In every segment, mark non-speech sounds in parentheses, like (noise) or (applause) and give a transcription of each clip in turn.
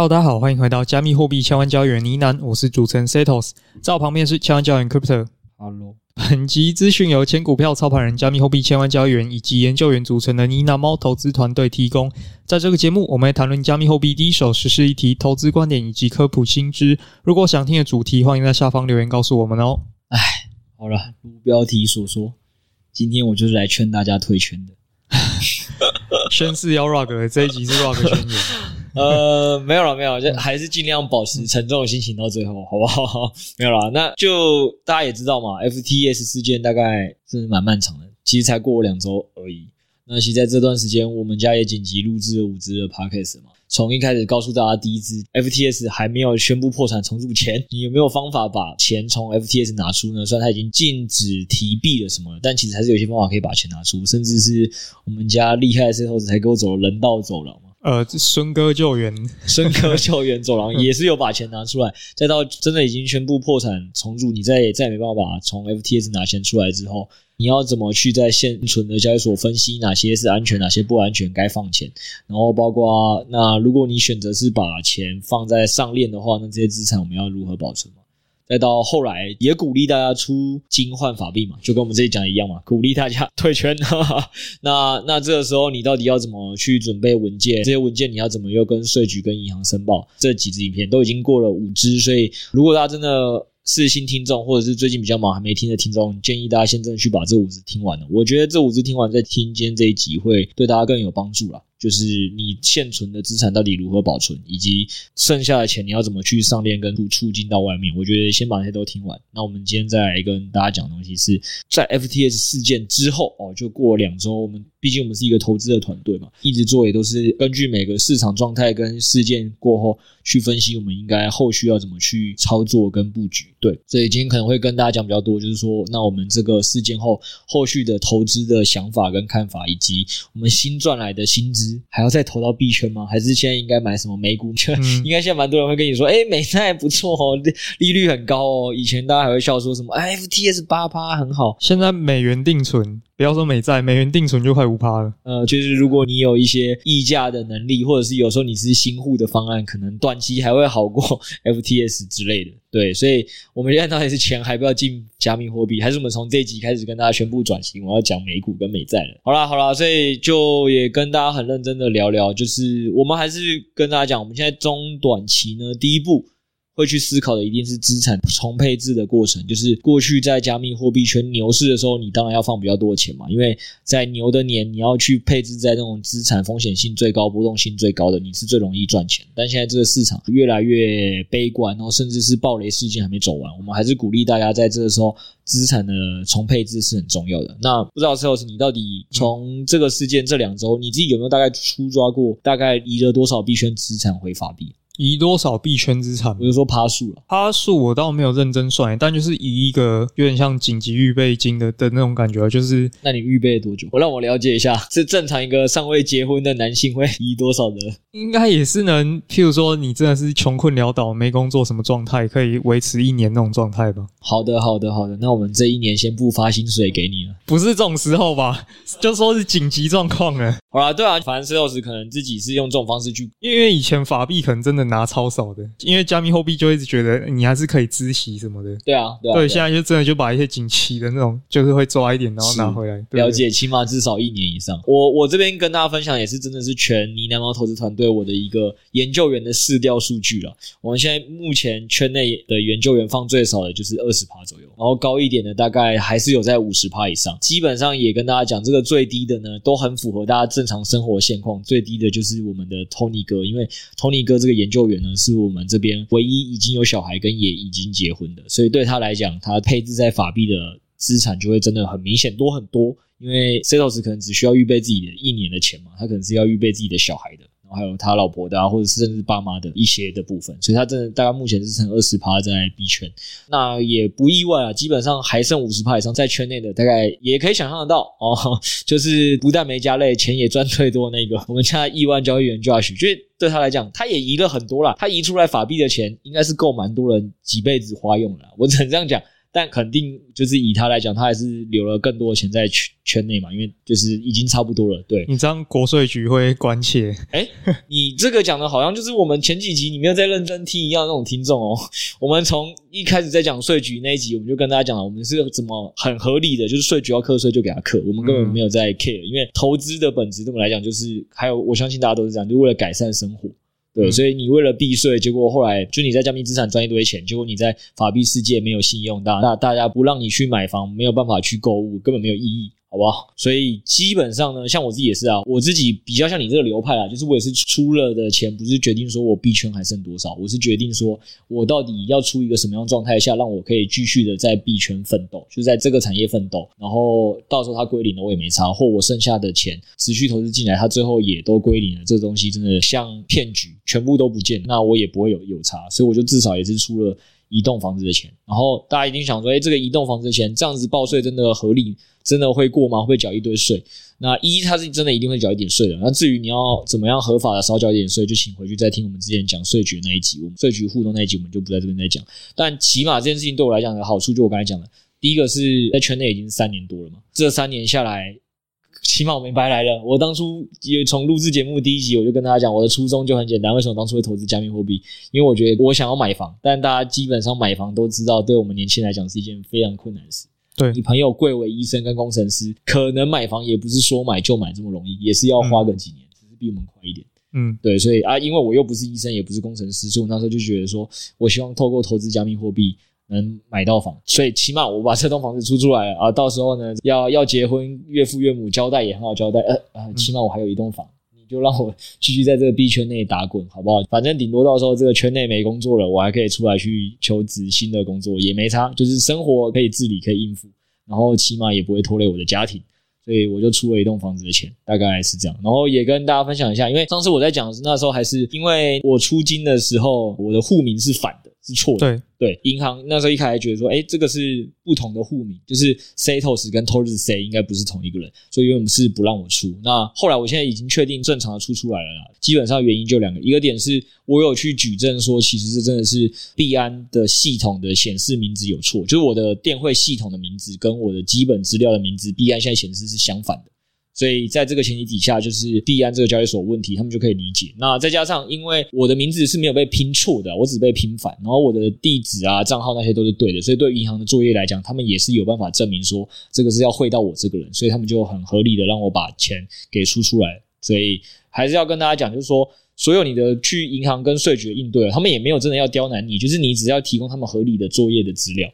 好，大家好，歡迎回到加密貨幣千萬交易員呢喃，我是主持人 Setos，在我旁邊是千萬交易員 Cryptor，Hello，本集資訊由前股票操盤人、加密貨幣千萬交易員以及研究員組成的呢喃貓投資團隊提供。在這個節目，我們來談論加密貨幣第一手實時議題、投資觀點以及科普新知。如果想聽的主題，歡迎在下方留言告訴我們哦。哎，好了，如標題所說，今天我就是來勸大家退圈的。 (laughs) 宣誓要 rug，這一集是 rug 宣言。 (laughs) (laughs) 呃，沒有了，沒有，就還是盡量保持沉重的心情到最後，好不好？沒有了，那就大家也知道嘛，FTX 事件大概真是蠻漫長的，其實才過兩周而已。那其實在這段時間，我們家也緊急錄製了五支的 Podcast 嘛。從一開始告訴大家，第一支 FTX 還沒有宣布破產重組前，你有沒有方法把錢從 FTX 拿出呢？雖然它已經禁止提幣了什麼了，但其實還是有些方法可以把錢拿出，甚至是我們家厲害的時候才給我走人道走了。呃，孫哥救援，孫哥救援走廊也是有把錢拿出來， (laughs) 再到真的已經宣布破產重組，你再也再也沒辦法從 FTX 拿錢出來之後，你要怎麼去在現存的交易所分析哪些是安全，哪些不安全該放錢，然後包括那如果你選擇是把錢放在上鏈的話，那這些資產我們要如何保存？再到後來，也鼓勵大家出金換法幣嘛，就跟我們這裡講的一樣嘛，鼓勵大家退圈。 (laughs) 那那這個時候，你到底要怎麼去準備文件？這些文件你要怎麼又跟稅局、跟銀行申報？這幾支影片都已經過了五支，所以如果大家真的是新聽眾，或者是最近比較忙還沒聽的聽眾，建議大家先真的去把這五支聽完了。我覺得這五支聽完再聽今天這一集，會對大家更有幫助啦。就是你現存的資產到底如何保存，以及剩下的錢你要怎麼去上鏈跟促促進到外面？我覺得先把這些都聽完。那我們今天再來跟大家講的東西是在 FTX 事件之後哦，就過兩周。我們畢竟我們是一個投資的團隊嘛，一直做也都是根據每個市場狀態跟事件過後去分析，我們應該後續要怎麼去操作跟布局。對，所以今天可能會跟大家講比較多，就是說那我們這個事件後後續的投資的想法跟看法，以及我們新賺來的薪資。還要再投到幣圈嗎？還是現在應該買什麼美股？嗯、應該現在蠻多人會跟你說，哎、欸，美債不錯哦，利率很高哦。以前大家還會笑說什麼、哎、FTS 八趴很好，現在美元定存。不要說美債，美元定存就快5趴了。呃，就是如果你有一些議價的能力，或者是有時候你是新戶的方案，可能短期還會好過 FTX 之類的。對，所以我們現在到底是錢還不要進加密貨幣，還是我們從這一集開始跟大家宣布轉型？我要講美股跟美債了。好啦好啦，所以就也跟大家很認真的聊聊，就是我們還是跟大家講，我們現在中短期呢，第一步。會去思考的一定是資產重配置的過程，就是過去在加密貨幣圈牛市的時候，你當然要放比較多的錢嘛，因為在牛的年，你要去配置在這種資產風險性最高、波動性最高的，你是最容易賺錢的。但現在這個市場越來越悲觀，然後甚至是暴雷事件還沒走完，我們還是鼓勵大家在這個時候資產的重配置是很重要的。那不知道 Charles 你到底從這個事件這兩周，你自己有沒有大概出抓過？大概離了多少幣圈資產回法幣？移多少幣圈資產？比如說趴數了，趴數我倒沒有認真算，但就是移一個有點像緊急預備金的的那種感覺。就是那你預備了多久？我讓我了解一下，是正常一個尚未結婚的男性會移多少的？應該也是能，譬如說你真的是窮困潦倒、沒工作什麼狀態，可以維持一年那種狀態吧？好的，好的，好的。好的，那我們這一年先不發薪水給你了，不是這種時候吧？就說是緊急狀況呢。好啦，對啊，反正施老師可能自己是用這種方式去，因為，因為以前法幣可能真的。拿超少的，因為加密貨幣就一直覺得你還是可以孳息什麼的。對啊，對，啊。對，對啊，現在就真的就把一些錦旗的那種，就是會抓一點，然後拿回來對對，了解，起碼至少一年以上。我我這邊跟大家分享也是真的是全呢喃貓投資團隊我的一個研究員的市調數據了。我們現在目前圈內的研究員放最少的就是二十趴左右，然後高一點的大概還是有在五十趴以上。基本上也跟大家講，這個最低的呢，都很符合大家正常生活的現況。最低的就是我們的 Tony 哥，因為 Tony 哥這個研究。救援呢，是我們這邊唯一已經有小孩跟也已經結婚的，所以對他來講，他配置在法幣的資產就會真的很明顯多很多。因為 Setos 可能只需要預備自己的一年的錢嘛，他可能是要預備自己的小孩的。還有他老婆的，啊，或者是甚至爸媽的一些的部分，所以他真的大概目前是剩二十趴在幣圈，那也不意外啊。基本上還剩五十趴以上在圈內的，大概也可以想象得到哦。就是不但沒加累，錢也賺最多那個。我們現在億萬交易員 Josh，對，就是、對他來講，他也移了很多了。他移出來法幣的錢，應該是夠蠻多人幾輩子花用了。我只能這樣講。但肯定就是以他來講，他還是留了更多的錢在圈圈內嘛，因為就是已經差不多了，對。你這樣國稅局會關切？哎、欸，你這個講的好像就是我們前幾集你沒有在認真聽一樣的那種聽眾哦。我們從一開始在講稅局那一集，我們就跟大家講了，我們是怎麼很合理的，就是稅局要課稅就給他課，我們根本沒有在 care，、嗯、因為投資的本質，對我們來講就是，還有我相信大家都是這樣，就是、為了改善生活。對，所以你為了避稅，結果後來就你在加密資產賺一堆錢，結果你在法幣世界沒有信用到，大那大家不讓你去買房，沒有辦法去購物，根本沒有意義。好不好？所以基本上呢，像我自己也是啊，我自己比較像你這個流派啊，就是我也是出了的錢，不是決定說我幣圈還剩多少，我是決定說我到底要出一個什麼樣狀態下，讓我可以繼續的在幣圈奮鬥，就在這個產業奮鬥，然後到時候它歸零了，我也沒差，或我剩下的錢持續投資進來，它最後也都歸零了，這個東西真的像騙局，全部都不見，那我也不會有有差，所以我就至少也是出了，移動房子的錢，然後大家一定想說，哎，這個移動房子的錢這樣子報稅真的合理？真的會過嗎？會繳一堆稅？那一它是真的一定會繳一點稅的。那至於你要怎麼樣合法的少繳一點稅，就請回去再聽我們之前講稅局那一集，我們稅局互動那一集，我們就不在這邊再講。但起碼這件事情對我來講的好處，就我剛才講的，第一個是在圈內已經三年多了嘛，這三年下來。起碼我沒白來了。我當初也從錄制節目第一集，我就跟大家講，我的初衷就很簡單。為什麼當初會投資加密貨幣？因為我覺得我想要買房，但大家基本上買房都知道，對我們年輕人來講是一件非常困難的事。對，你朋友貴為醫生跟工程師，可能買房也不是說買就買這麼容易，也是要花個幾年，只是比我們快一點。嗯，對，所以啊，因為我又不是醫生，也不是工程師，所以那時候就覺得說，我希望透過投資加密貨幣。能買到房，所以起碼我把這棟房子租出，出來了啊！到時候呢，要要結婚，岳父岳母交代也很好交代。呃呃、啊，起碼我還有一棟房、嗯，你就讓我繼續在這個 B 圈內打滾，好不好？反正頂多到時候這個圈內沒工作了，我還可以出來去求職新的工作，也沒差。就是生活可以自理，可以應付，然後起碼也不會拖累我的家庭。所以我就出了一棟房子的錢，大概是這樣。然後也跟大家分享一下，因為上次我在講的是，那時候還是因為我出金的時候，我的戶名是反的。是錯的對。對對，銀行那時候一開始還覺得說，哎、欸，這個是不同的戶名，就是 C t o e s 跟 Torres C 應該不是同一個人，所以因為我們是不讓我出。那後來我現在已經確定正常的出出來了啦。基本上原因就兩個，一個點是我有去舉證說，其實這真的是幣安的系統的顯示名字有錯，就是我的電匯系統的名字跟我的基本資料的名字，幣安現在顯示是相反的。所以在這個前提底下，就是幣安這個交易所問題，他們就可以理解。那再加上，因為我的名字是沒有被拼錯的，我只被拼反，然後我的地址啊、賬號那些都是對的，所以對銀行的作業來講，他們也是有辦法證明說，這個是要匯到我這個人，所以他們就很合理的讓我把錢給輸出來。所以還是要跟大家講，就是說，所有你的去銀行跟稅局的應對，他們也沒有真的要刁難你，就是你只要提供他們合理的作業的資料。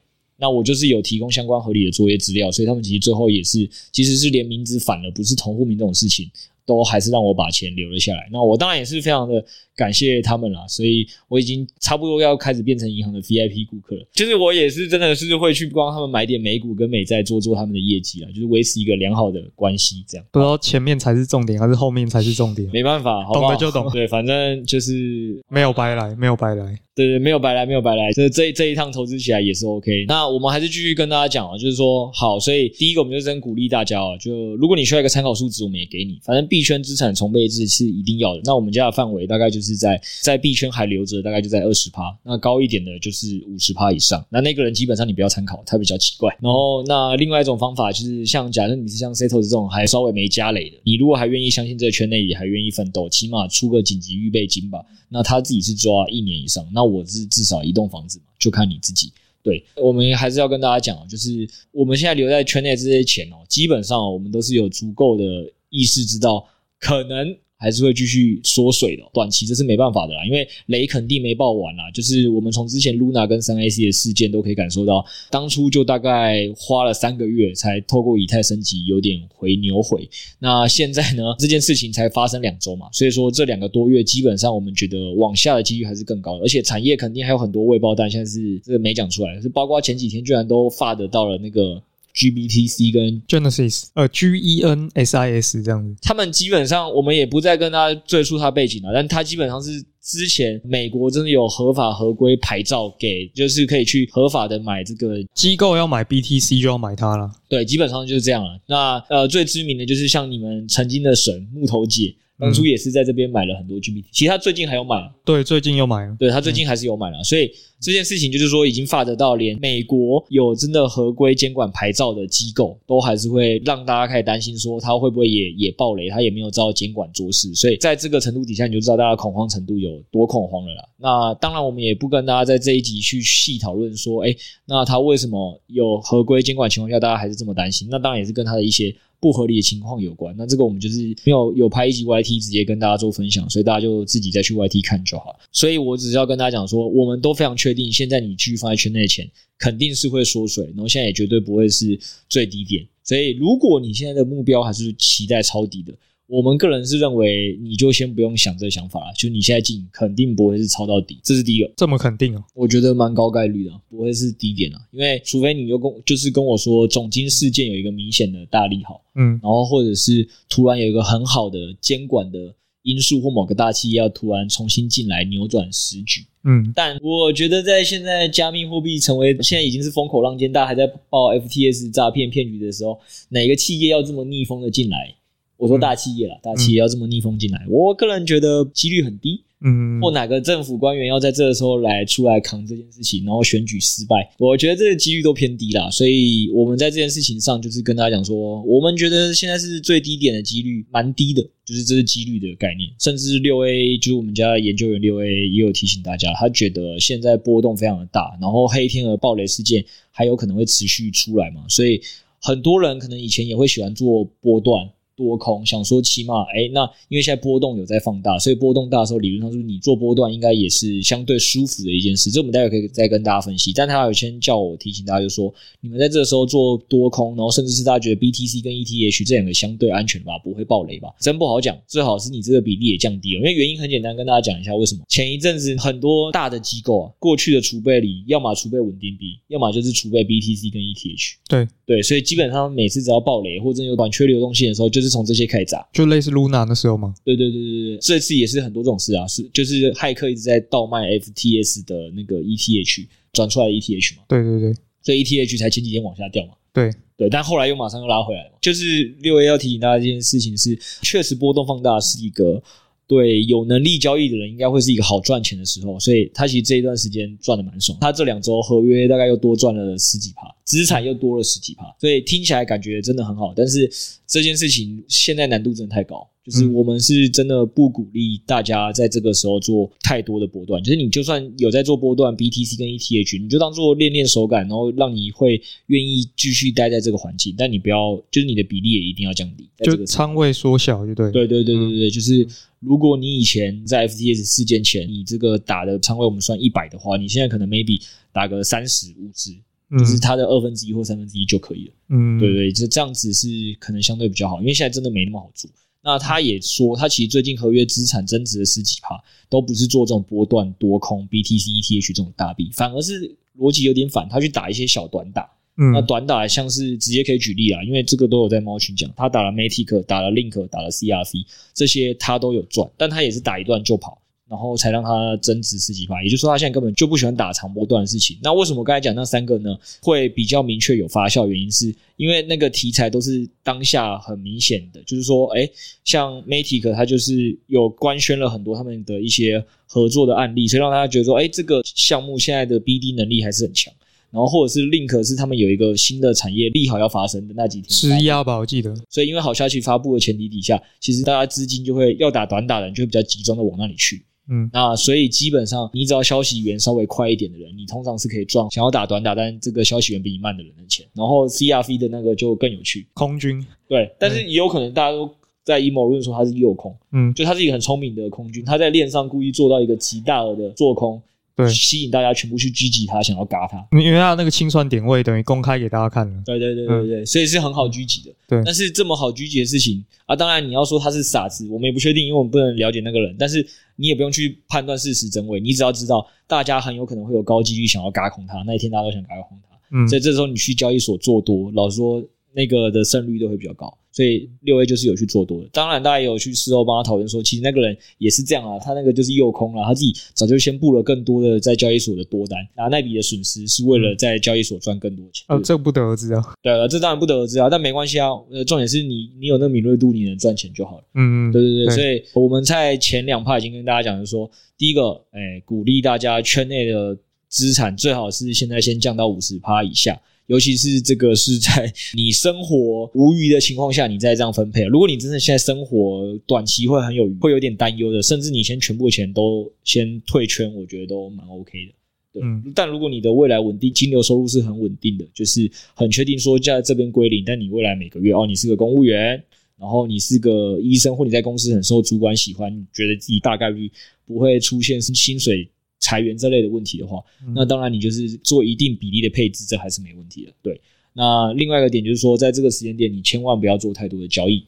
那我就是有提供相關合理的作業資料，所以他們其實最後也是其實是連名字反了，不是同戶名這種事情，都還是讓我把錢留了下來。那我當然也是非常的。感謝他們啦，所以我已經差不多要開始變成銀行的 VIP 顧客了。就是我也是真的，是會去幫他們買點美股跟美債，做做他們的業績啊，就是維持一個良好的關係。這樣，啊、不知道前面才是重點，還是後面才是重點，嗯。沒辦法，懂的就懂。對，反正就是沒有白來，沒有白來，對，對沒有白來，沒有白來。這這這一趟投資起來也是 OK。那我們還是繼續跟大家講啊，就是說好，所以第一個我們就先鼓勵大家啊，就如果你需要一個參考數值，我們也給你。反正幣圈資產重配置是一定要的。那我們家的範圍大概就是。是在在幣圈還留着，大概就在二十趴，那高一點的就是五十趴以上。那那個人基本上你不要參考，他比較奇怪。然後那另外一種方法就是，像假設你是像 s e t o 這種還稍微沒家累的，你如果還願意相信這個圈內，也還願意奮鬥，起碼出個緊急預備金吧。那他自己是抓一年以上，那我是至少一棟房子嘛，就看你自己。對，我們還是要跟大家講，就是我們現在留在圈內這些錢哦，基本上我們都是有足夠的意識知道可能還是會繼續縮水的，短期這是沒辦法的啦，因為雷肯定沒爆完啦。就是我們從之前 Luna 跟 3AC 的事件都可以感受到，當初就大概花了三個月才透過以太升級有點回牛回。那現在呢，這件事情才發生兩周嘛，所以說這兩個多月基本上我們覺得往下的幾率還是更高的，而且產業肯定還有很多未爆彈，現在是這個沒講出來，是包括前幾天居然都發得到了那個。G B T C 跟 Genesis，呃，G E N S I S 這樣子，他們基本上我們也不再跟他贅述他背景了，但他基本上是之前美國真的有合法合規牌照給，就是可以去合法的買這個機構要買 B T C 就要買它了。對，基本上就是這樣了、啊。那呃，最知名的就是像你們曾經的神木頭姐，當、嗯、初也是在這邊買了很多 GPT。其實他最近還有買了，對，最近又買了。嗯、對他最近還是有買了、嗯。所以這件事情就是說，已經發得到連美國有真的合規監管牌照的機構，都還是會讓大家開始擔心，說他會不會也也暴雷？他也沒有照監管做事。所以在這個程度底下，你就知道大家恐慌程度有多恐慌了啦。那當然，我們也不跟大家在這一集去細討論說，哎，那他為什麼有合規監管情況下，大家還是？這麼擔心，那當然也是跟他的一些不合理的情況有關。那這個我們就是沒有有拍一集 YT 直接跟大家做分享，所以大家就自己再去 YT 看就好。所以我只是要跟大家講說，我們都非常確定，現在你繼續放在圈內的錢肯定是會縮水，然後現在也絕對不會是最低點。所以如果你現在的目標還是期待抄底的。我們個人是認為，你就先不用想這想法了。就你現在進，肯定不會是抄到底，這是第一個。這麼肯定啊？我覺得蠻高概率的，不會是低點啊。因為除非你就跟就是跟我說，總經事件有一個明顯的大利好，嗯，然後或者是突然有一個很好的監管的因素，或某個大企業要突然重新進來扭轉時局，嗯。但我覺得在現在加密貨幣成為現在已經是風口浪尖，大家還在報 FTX 詐騙騙局的時候，哪個企業要這麼逆風的進來？我說大企業啦、嗯，大企業要這麼逆風進來，嗯，我個人覺得幾率很低。嗯，或哪個政府官員要在這個時候來出來扛這件事情，然後選舉失敗，我覺得這個幾率都偏低啦。所以我們在這件事情上就是跟大家講說，我們覺得現在是最低點的幾率，蠻低的，就是這是幾率的概念。甚至六 A，就是我們家研究員六 A 也有提醒大家，他覺得現在波動非常的大，然後黑天鵝暴雷事件還有可能會持續出來嘛，所以很多人可能以前也會喜歡做波段。多空想說起碼哎、欸,那因為現在波動有在放大，所以波動大的時候，理論上說你做波段應該也是相對舒服的一件事。這我們待會可以再跟大家分析。但他有先叫我提醒大家就，就說你們在這個時候做多空，然後甚至是大家覺得 BTC 跟 ETH 這兩個相對安全吧，不會爆雷吧？真不好講。最好是你這個比例也降低了，因為原因很簡單，跟大家講一下為什麼。前一陣子很多大的機構啊，過去的儲備裡，要麼儲備穩定幣，要麼就是儲備 BTC 跟 ETH 對。對對，所以基本上每次只要爆雷或者有短缺流動性的時候，就是是從這些開始砸，就類似露娜那時候嗎？對對對對對，這次也是很多這種事啊。是就是駭客一直在倒賣 FTX 的那個 ETH 轉出來 ETH 嘛？對對對，所以 ETH 才前幾天往下掉嘛？對對，但後來又馬上又拉回來，就是六 A 要提醒大家這件事情是確實波動放大是一個。對，有能力交易的人，應該會是一個好賺錢的時候，所以他其實這一段時間賺的蠻爽，他這兩周合約大概又多賺了十幾趴，資產又多了十幾趴，所以聽起來感覺真的很好，但是這件事情現在難度真的太高。就是我們是真的不鼓勵大家在這個時候做太多的波段。就是你就算有在做波段，BTC 跟 ETH，你就當做練練手感，然後讓你會願意繼續待在這個環境。但你不要，就是你的比例也一定要降低。就倉位縮小就對。對對對對對對，對，就是如果你以前在 FTX 事件前，你這個打的倉位我們算一百的話，你現在可能 maybe 打個三十、五十，就是它的二分之一或三分之一就可以了。嗯，對對，就這樣子是可能相對比較好，因為現在真的沒那麼好做。那他也說，他其實最近合約資產增值的十幾趴，都不是做這種波段多空，BTC ETH 這種大幣，反而是邏輯有點反，他去打一些小短打。那短打像是直接可以舉例啦，因為這個都有在貓群講，他打了 Matic，打了 Link，打了 CRC 這些他都有賺，但他也是打一段就跑。然後才讓他增值十幾倍，也就是說，他現在根本就不喜歡打長波段的事情。那為什麼剛才講那三個呢？會比較明確有發酵原因，是因為那個題材都是當下很明顯的，就是說，哎，像 Matic 他就是有官宣了很多他們的一些合作的案例，所以讓大家覺得說，哎，這個項目現在的 BD 能力還是很強。然後或者是 Link 是他們有一個新的產業利好要發生的那幾天是壓吧，我記得。所以因為好消息發布的前提底下，其實大家資金就會要打短打的人，就會比較集中的往那裡去。嗯，那、啊、所以基本上，你只要消息源稍微快一點的人，你通常是可以賺，想要打短打，但這個消息源比你慢的人的錢。然後 CRV 的那個就更有趣，空軍對，但是也有可能大家都在陰謀論說他是誘空，嗯，就他是一個很聰明的空軍，他在鏈上故意做到一個極大額的做空，對，吸引大家全部去狙擊他，想要嘎他，因為他的那個清算點位等於公開給大家看了，對對對對對，對對對對所以是很好狙擊的。對，但是這麼好狙擊的事情啊，當然你要說他是傻子，我們也不確定，因為我們不能了解那個人，但是。你也不用去判斷事實真偽，你只要知道大家很有可能會有高幾率想要嘎空它。那一天大家都想嘎空它，嗯，所以這時候你去交易所做多，老實說那個的勝率都會比較高，所以六 A 就是有去做多的。當然，大家也有去事後幫他討論說，其實那個人也是這樣啊，他那個就是誘空了，他自己早就先布了更多的在交易所的多單，那那筆的損失是為了在交易所賺更多錢啊、嗯哦。這不得而知啊。對啊，這當然不得而知啊，但沒關係啊。呃，重點是你你有那敏銳度，你能賺錢就好了。嗯對對對。所以我們在前兩趴已經跟大家講就是說第一個，哎，鼓勵大家圈內的資產最好是現在先降到五十趴以下。尤其是這個是在你生活無餘的情況下，你再這樣分配。如果你真的現在生活短期會很有餘，會有點擔憂的，甚至你先全部的錢都先退圈，我覺得都蠻 OK 的。對，但如果你的未來穩定，金流收入是很穩定的，就是很確定說在這邊歸零，但你未來每個月哦，你是個公務員，然後你是個醫生，或你在公司很受主管喜歡，你覺得自己大概率不會出現是薪水，裁員這類的問題的話，那當然你就是做一定比例的配置，這還是沒問題的。對，那另外一個點就是說，在這個時間點，你千萬不要做太多的交易，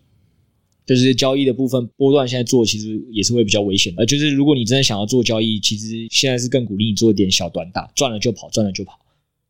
就是交易的部分波段現在做，其實也是會比較危險的。就是如果你真的想要做交易，其實現在是更鼓勵你做一點小短打，賺了就跑，賺了就跑。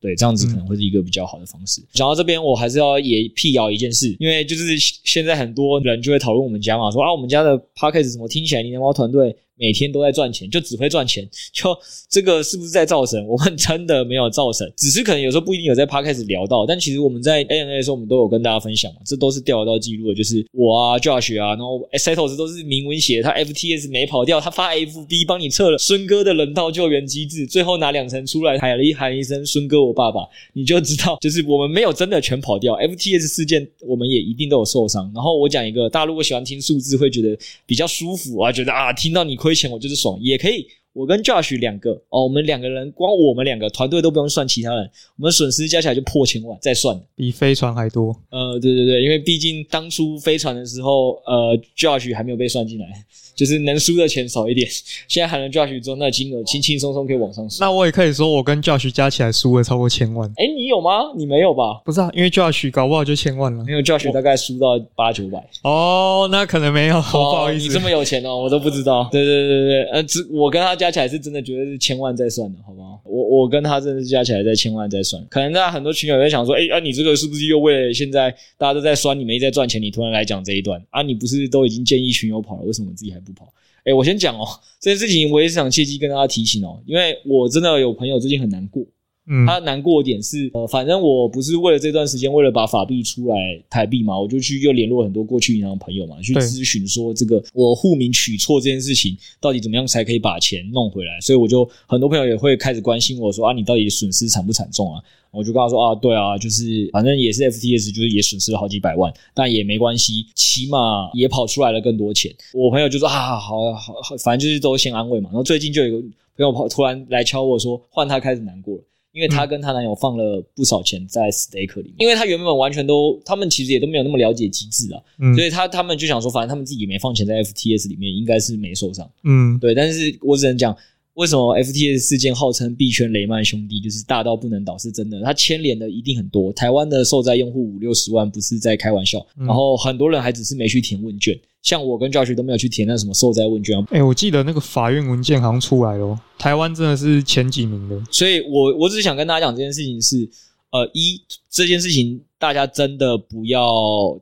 對，這樣子可能會是一個比較好的方式。講、嗯、到這邊，我還是要也闢謠一件事，因為就是現在很多人就會討論我們家嘛，說啊，我們家的 package 怎麼聽起來，呢喃貓團隊。每天都在賺錢，就只會賺錢，就這個是不是在造神？我們真的沒有造神，只是可能有時候不一定有在 Podcast 聊到，但其實我們在 A N A 的時候，我們都有跟大家分享嘛，這都是掉得到記錄的，就是我啊，Josh 啊，然後 s t s 都是明文寫的，他 FTX 沒跑掉，他發 F B 幫你測了孫哥的人道救援機制，最後拿兩層出來，喊了一喊一聲孫哥我爸爸，你就知道，就是我們沒有真的全跑掉 FTX 事件，我們也一定都有受傷。然後我講一個，大家如果喜歡聽數字會覺得比較舒服啊，覺得啊，聽到你快。虧錢我就是爽，也可以。我跟 Josh 兩個哦，我們兩個人，光我們兩個團隊都不用算其他人，我們損失加起來就破千萬，再算比飛船還多。呃，對對對，因為畢竟當初飛船的時候，呃，Josh 還沒有被算進來，就是能輸的錢少一點。現在喊了 Josh 之後，那的金額輕輕鬆鬆可以往上輸，哦。那我也可以說，我跟 Josh 加起來輸了超過千萬。哎，欸，你有嗎？你沒有吧？不是啊，因為 Josh 搞不好就千萬了。因為 Josh 大概輸到八九百。哦，那可能沒有。哦，不好意思，你這麼有錢哦，喔，我都不知道。哦，對對對對對，嗯，呃，只我跟他講。加起來是真的覺得是千萬在算的，好不好？我我跟他真的是加起來在千萬在算，可能大家很多群友在想說，哎、欸，啊你這個是不是又為了現在大家都在酸，你沒在賺錢，你突然來講這一段啊？你不是都已經建議群友跑了，為什麼自己還不跑？哎、欸，我先講哦、喔，這件事情我也是想借機跟大家提醒哦、喔，因為我真的有朋友最近很難過。嗯，他難過的點是，呃，反正我不是為了這段時間，為了把法幣出來台幣嘛，我就去又聯絡很多過去銀行朋友嘛，去諮詢說這個我戶名取錯這件事情到底怎麼樣才可以把錢弄回來。所以我就很多朋友也會開始關心我說啊，你到底損失慘不慘重啊？我就跟他說啊，對啊，就是反正也是 FTX，就是也損失了好幾百萬，但也沒關係，起碼也跑出來了更多錢。我朋友就說啊好好，好，好，反正就是都先安慰嘛。然後最近就有一個朋友跑，突然來敲我說，換他開始難過了。因為她跟她男友放了不少錢在 stake 裡面，因為她原本完全都，他們其實也都沒有那麼了解機制啊，所以她他,他們就想說，反正他們自己也沒放錢在 FTX 裡面，應該是沒受傷，嗯，對，但是我只能講。為什麼 FTX 事件號稱幣圈雷曼兄弟，就是大到不能倒，是真的？它牽連的一定很多，台灣的受災用戶五六十萬不是在開玩笑。然後很多人還只是沒去填問卷，像我跟 Josh 都沒有去填那什麼受災問卷啊。哎，我記得那個法院文件好像出來了，台灣真的是前幾名的。所以，我我只是想跟大家講這件事情是，呃，一這件事情。大家真的不要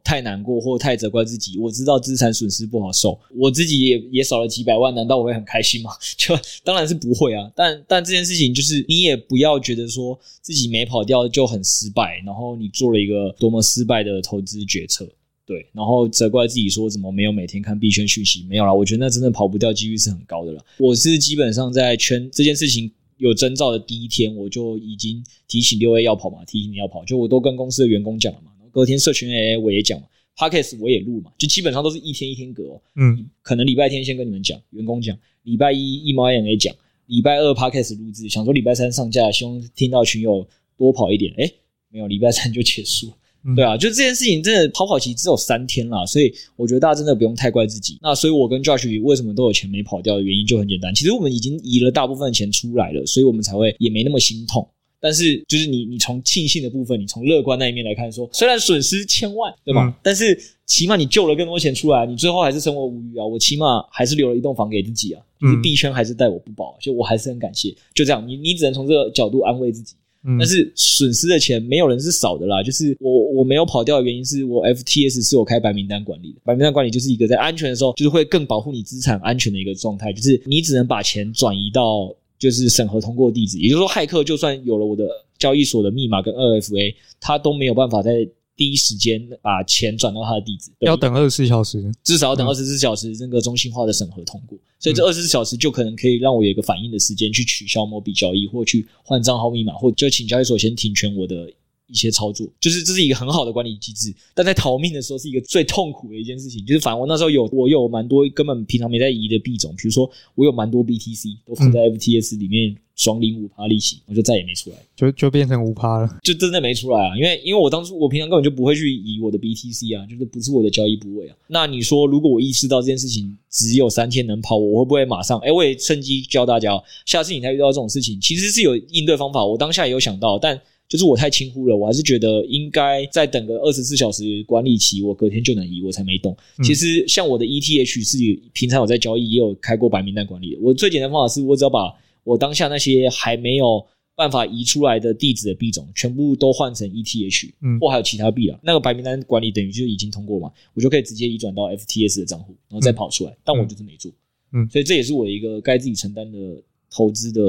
太難過，或太責怪自己。我知道資產損失不好受，我自己也也少了幾百萬，難道我會很開心嗎？就當然是不會啊。但但這件事情，就是你也不要覺得說自己沒跑掉就很失敗，然後你做了一個多麼失敗的投資決策，對，然後責怪自己說怎麼沒有每天看幣圈訊息，沒有啦。我覺得那真的跑不掉，幾率是很高的啦。我是基本上在圈這件事情，有徵兆的第一天，我就已經提醒六 A 要跑嘛，提醒你要跑，就我都跟公司的員工講了嘛，然後隔天社群 A A 我也講嘛，Podcast 我也錄嘛，就基本上都是一天一天隔，嗯，可能禮拜天先跟你們講，員工講，禮拜一一貓眼 A 講，禮拜二 Podcast 錄制，想說禮拜三上架，希望聽到群友多跑一點、欸，誒沒有，禮拜三就結束了。對啊，就這件事情真的逃跑期只有三天啦，所以我覺得大家真的不用太怪自己。那所以，我跟 Josh 為什麼都有錢沒跑掉的原因就很簡單，其實我們已經移了大部分的錢出來了，所以我們才會也沒那麼心痛。但是，就是你你從慶幸的部分，你從樂觀那一面來看說，說雖然損失千萬，對吧？嗯、但是起碼你救了更多錢出來，你最後還是生活無虞啊，我起碼還是留了一棟房給自己啊，就是幣圈還是待我不薄，就我還是很感謝。就這樣，你你只能從這個角度安慰自己。但是損失的錢沒有人是少的啦，就是我我沒有跑掉的原因是我 FTX 是我開白名單管理的，白名單管理就是一個在安全的時候就是會更保護你資產安全的一個狀態，就是你只能把錢轉移到就是審核通過地址，也就是說駭客就算有了我的交易所的密碼跟 2FA，他都沒有辦法在。第一時間把錢轉到他的地址，要等二十四小時，嗯，至少要等二十四小時，那個中心化的審核通過。所以這二十四小時就可能可以讓我有一個反應的時間去取消某筆交易，或去換賬號密碼，或就請交易所先停權我的一些操作。就是這是一個很好的管理機制，但在逃命的時候是一個最痛苦的一件事情。就是反正我那時候有我有蠻多根本平常沒在移的幣種，比如說我有蠻多 BTC 都放在 FTX 裡面，嗯。雙零五趴利息，我就再也沒出來，就就變成五趴了，就真的沒出來啊！因為因為我當初我平常根本就不會去移我的 BTC 啊，就是不是我的交易部位啊。那你說如果我意識到這件事情只有三天能跑，我會不會馬上？哎，我也趁機教大家哦，下次你再遇到這種事情，其實是有應對方法。我當下也有想到，但就是我太輕忽了，我還是覺得應該再等個二十四小時管理期，我隔天就能移，我才沒動。其實像我的 ETH 是平常我在交易也有開過白名單管理的，我最簡單方法是我只要把我當下那些還沒有辦法移出來的地址的幣種，全部都換成 ETH，嗯，或還有其他幣啊。那個白名單管理等於就已經通過了嘛，我就可以直接移轉到 FTX 的賬戶，然後再跑出來。但我就是沒做，嗯，所以這也是我一個該自己承擔的投資的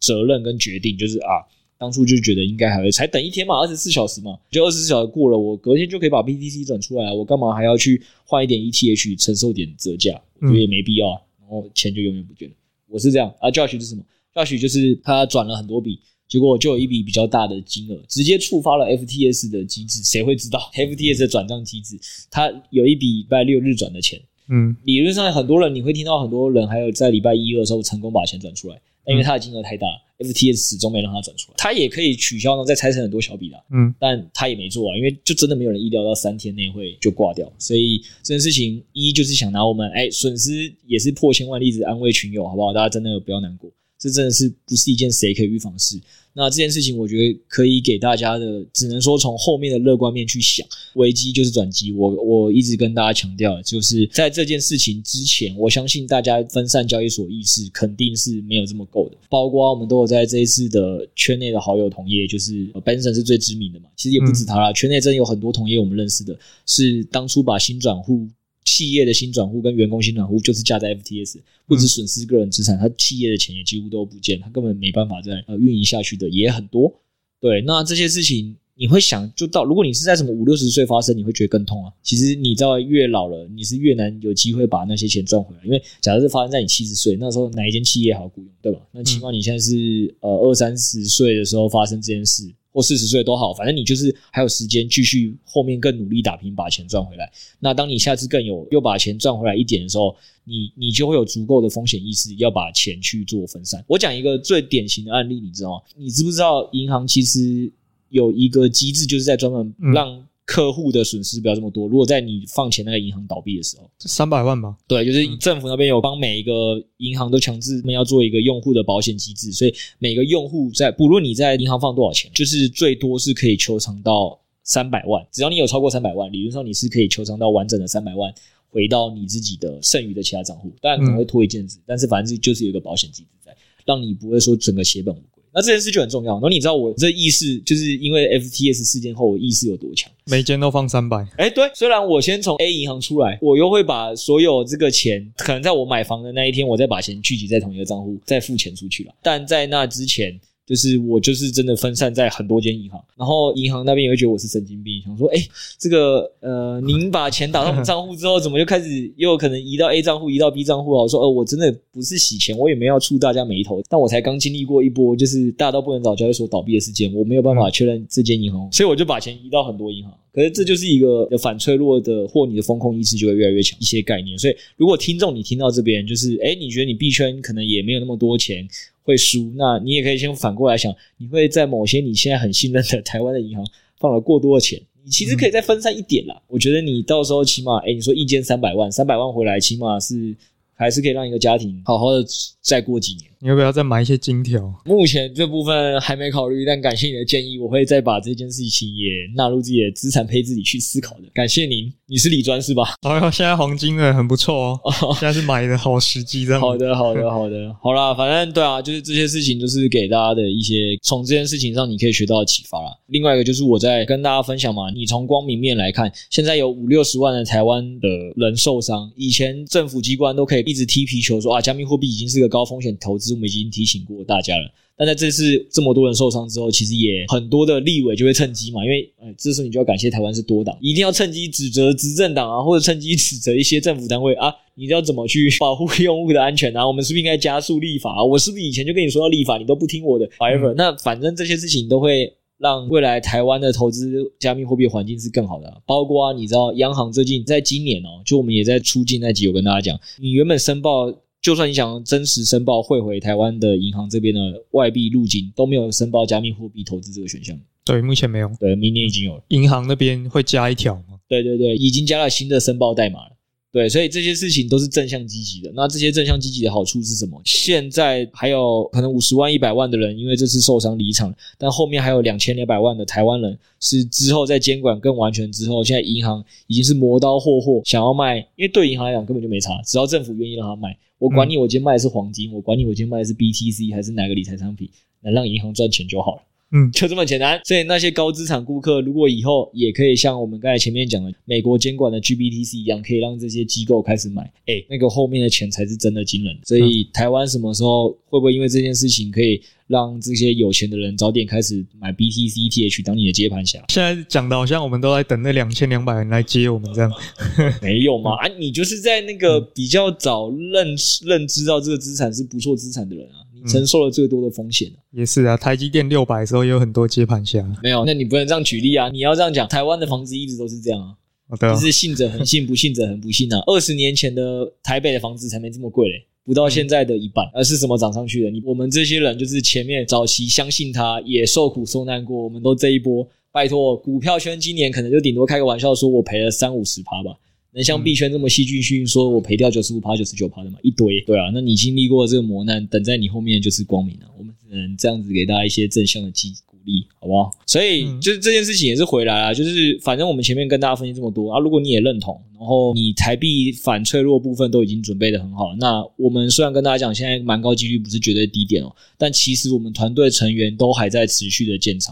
責任跟決定，就是啊，當初就覺得應該還會才等一天嘛，二十四小時嘛，就二十四小時過了，我隔天就可以把 BTC 轉出來了，我幹嘛還要去換一點 ETH 承受點折價？我覺得也沒必要，啊，然後錢就永遠不見了。我是這樣啊，Josh 是什麼？Josh 就是他轉了很多筆，結果就有一筆比較大的金額，直接觸發了 FTX 的機制。誰會知道 FTX 的轉賬機制？他有一筆禮拜六日轉的錢，嗯，理論上很多人你會聽到很多人還有在禮拜一、二的時候成功把錢轉出來。因為他的金額太大，FTX 始終沒讓他轉出來。他也可以取消呢，再拆成很多小筆的。嗯，但他也沒做啊，因為就真的沒有人意料到三天內會就掛掉，所以這件事情一就是想拿我們，哎，損失也是破千萬例子安慰群友，好不好？大家真的不要難過。這真的是不是一件誰可以預防的事？那這件事情，我覺得可以給大家的，只能說從後面的樂觀面去想，危機就是轉機。我我一直跟大家強調，就是在這件事情之前，我相信大家分散交易所意識肯定是沒有這麼夠的。包括我們都有在這一次的圈內的好友同業，就是 Benson 是最知名的嘛，其實也不止他啦，嗯、圈內真的有很多同業我們認識的，是當初把新轉戶。企業的新轉戶跟員工新轉戶，就是架在 FTX，不只損失個人資產，他企業的錢也幾乎都不見，他根本沒辦法再呃運營下去的也很多。對，那這些事情你會想，就到如果你是在什麼五六十歲發生，你會覺得更痛啊。其實你知道越老了，你是越難有機會把那些錢賺回來，因為假設是發生在你七十歲那時候，哪一間企業好雇傭，對吧？那起碼你現在是呃二三十歲的時候發生這件事。或四十歲都好，反正你就是還有時間繼續後面更努力打拼，把錢賺回來。那當你下次更有又把錢賺回來一點的時候，你你就會有足夠的風險意識，要把錢去做分散。我講一個最典型的案例，你知道嗎？你知不知道銀行其實有一個機制，就是在專門讓。客戶的損失不要這麼多。如果在你放錢那個銀行倒閉的時候，三百萬嗎？對，就是政府那邊有幫每一個銀行都強制他們要做一個用戶的保險機制，所以每個用戶在不論你在銀行放多少錢，就是最多是可以求償到三百萬。只要你有超過三百萬，理論上你是可以求償到完整的三百萬，回到你自己的剩餘的其他賬戶。當然可能會拖一陣子、嗯，但是反正就是有一個保險機制在，讓你不會說整個血本無。那這件事就很重要。然後你知道我這意識，就是因為 FTX 事件後，我意識有多強？每間都放三百。哎，對，雖然我先從 A 銀行出來，我又會把所有這個錢，可能在我買房的那一天，我再把錢聚集在同一個賬戶，再付錢出去了。但在那之前。就是我就是真的分散在很多間銀行，然後銀行那邊也會覺得我是神經病，想說，哎、欸，這個呃，您把錢打到我們賬戶之後，怎麼就開始又可能移到 A 賬戶、移到 B 賬戶啊？我說，呃，我真的不是洗錢，我也沒有要觸大家霉頭，但我才剛經歷過一波就是大到不能找交易所倒閉的事件，我沒有辦法確認這間銀行，所以我就把錢移到很多銀行。可是這就是一個有反脆弱的，或你的風控意識就會越來越強一些概念。所以，如果聽眾你聽到這邊，就是哎，你覺得你幣圈可能也沒有那麼多錢會輸，那你也可以先反過來想，你會在某些你現在很信任的台灣的銀行放了過多的錢，你其實可以再分散一點啦。我覺得你到時候起碼，哎，你說一間三百萬，三百萬回來，起碼是還是可以讓一個家庭好好的再過幾年。你要不要再買一些金條？目前這部分還沒考慮，但感謝你的建議，我會再把這件事情也納入自己的資產配置裡去思考的。感謝您，你是理專是吧？哎、哦、呀，現在黃金的很不錯哦，哦，現在是買的好時機，這樣。好的，好的，好的。好啦，反正對啊，就是這些事情都是給大家的一些從這件事情上你可以學到啟發了。另外一個就是我在跟大家分享嘛，你從光明面來看，現在有五六十萬的台灣的人受傷，以前政府機關都可以一直踢皮球，說啊，加密貨幣已經是個高風險投資。我們已經提醒過大家了，但在這次這麼多人受傷之後，其實也很多的立委就會趁機嘛，因為呃、哎，這時候你就要感謝台灣是多黨，一定要趁機指責執政黨啊，或者趁機指責一些政府單位啊，你知道怎麼去保護用戶的安全啊？我們是不是應該加速立法、啊？我是不是以前就跟你說要立法，你都不聽我的？However，、嗯、那反正這些事情都會讓未來台灣的投資加密貨幣環境是更好的、啊，包括、啊、你知道央行最近在今年哦、啊，就我們也在出境那集我跟大家講，你原本申報。就算你想真實申報匯回台灣的銀行這邊的外幣入金，都沒有申報加密貨幣投資這個選項。對，目前沒有。對，明年已經有了。銀行那邊會加一條嗎？對對對，已經加了新的申報代碼了。對，所以這些事情都是正向積極的。那這些正向積極的好處是什麼？現在還有可能五十萬、一百萬的人因為這次受傷離場，但後面還有兩千兩百萬的台灣人是之後在監管更完全之後，現在銀行已經是磨刀霍霍，想要賣。因為對銀行來講根本就沒差，只要政府願意讓他賣，我管你我今天賣的是黃金，我管你我今天賣的是 BTC 還是哪個理財商品，能讓銀行賺錢就好了。嗯，就這麼簡單。所以那些高資產顧客，如果以後也可以像我們剛才前面講的美國監管的 GBTC 一樣，可以讓這些機構開始買，哎、欸，那個後面的錢才是真的驚人。所以台灣什麼時候會不會因為這件事情，可以讓這些有錢的人早點開始買 BTC ETH 當你的接盤俠？現在講的好像我們都在等那兩千兩百人來接我們這樣、嗯，沒有嘛？ (laughs) 啊，你就是在那個比較早認識、認知到這個資產是不錯資產的人啊。承受了最多的風險、啊嗯、也是啊，台積電六百的時候也有很多接盤俠。沒有，那你不能這樣舉例啊！你要這樣講，台灣的房子一直都是這樣啊，就、哦哦、是信者很信，不信者很不信啊。二 (laughs) 十年前的台北的房子才沒這麼貴嘞，不到現在的一半。而、嗯啊、是什麼漲上去的？你我們這些人就是前面早期相信它，也受苦受難過，我們都這一波。拜託，股票圈今年可能就頂多開個玩笑，說我賠了三五十趴吧。能像幣圈這麼戲劇性，說我賠掉九十五趴、九十九趴的嘛？一堆，對啊，那你經歷過的這個磨難，等在你後面就是光明了。我們只能這樣子給大家一些正向的激鼓勵，好不好？所以、嗯、就是這件事情也是回來啊。就是反正我們前面跟大家分析這麼多啊，如果你也認同，然後你台幣反脆弱的部分都已經準備的很好，那我們雖然跟大家講現在蠻高幾率不是絕對低點哦，但其實我們團隊成員都還在持續的建倉。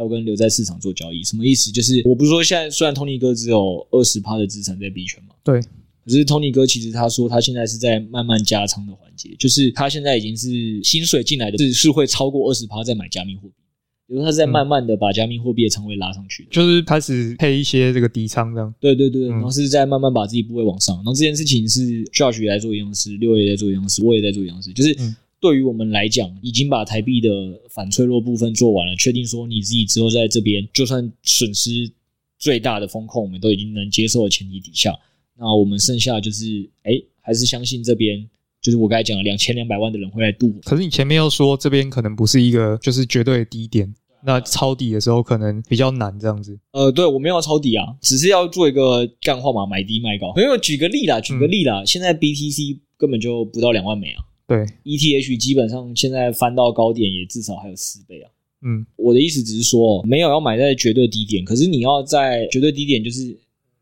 要跟留在市場做交易，什麼意思？就是我不是說現在雖然 Tony 哥只有二十趴的資產在幣圈嘛，對。可是 Tony 哥其實他說他現在是在慢慢加倉的環節，就是他現在已經是薪水進來的是是會超過二十趴再買加密貨幣，就是他是在慢慢的把加密貨幣的倉位拉上去，就是開始配一些這個底倉這樣。對對對、嗯，然後是在慢慢把自己部位往上。然後這件事情是 Josh 也在做一樣的事，六也在做一樣的事，我也在做一樣的事，就是。嗯對於我們來講，已經把台幣的反脆弱部分做完了，確定說你自己之後在這邊就算損失最大的風控，我們都已經能接受的前提底下，那我們剩下就是，哎、欸，還是相信這邊，就是我剛才講的兩千兩百萬的人會來度。可是你前面又說這邊可能不是一個就是絕對的低點對、啊，那抄底的時候可能比較難這樣子。呃，對，我沒有抄底啊，只是要做一個幹話嘛，買低賣高。沒有，舉個例啦，舉個例啦，嗯、現在 BTC 根本就不到兩萬美啊。對，ETH 基本上現在翻到高點也至少還有四倍啊。嗯，我的意思只是說，沒有要買在絕對低點，可是你要在絕對低點，就是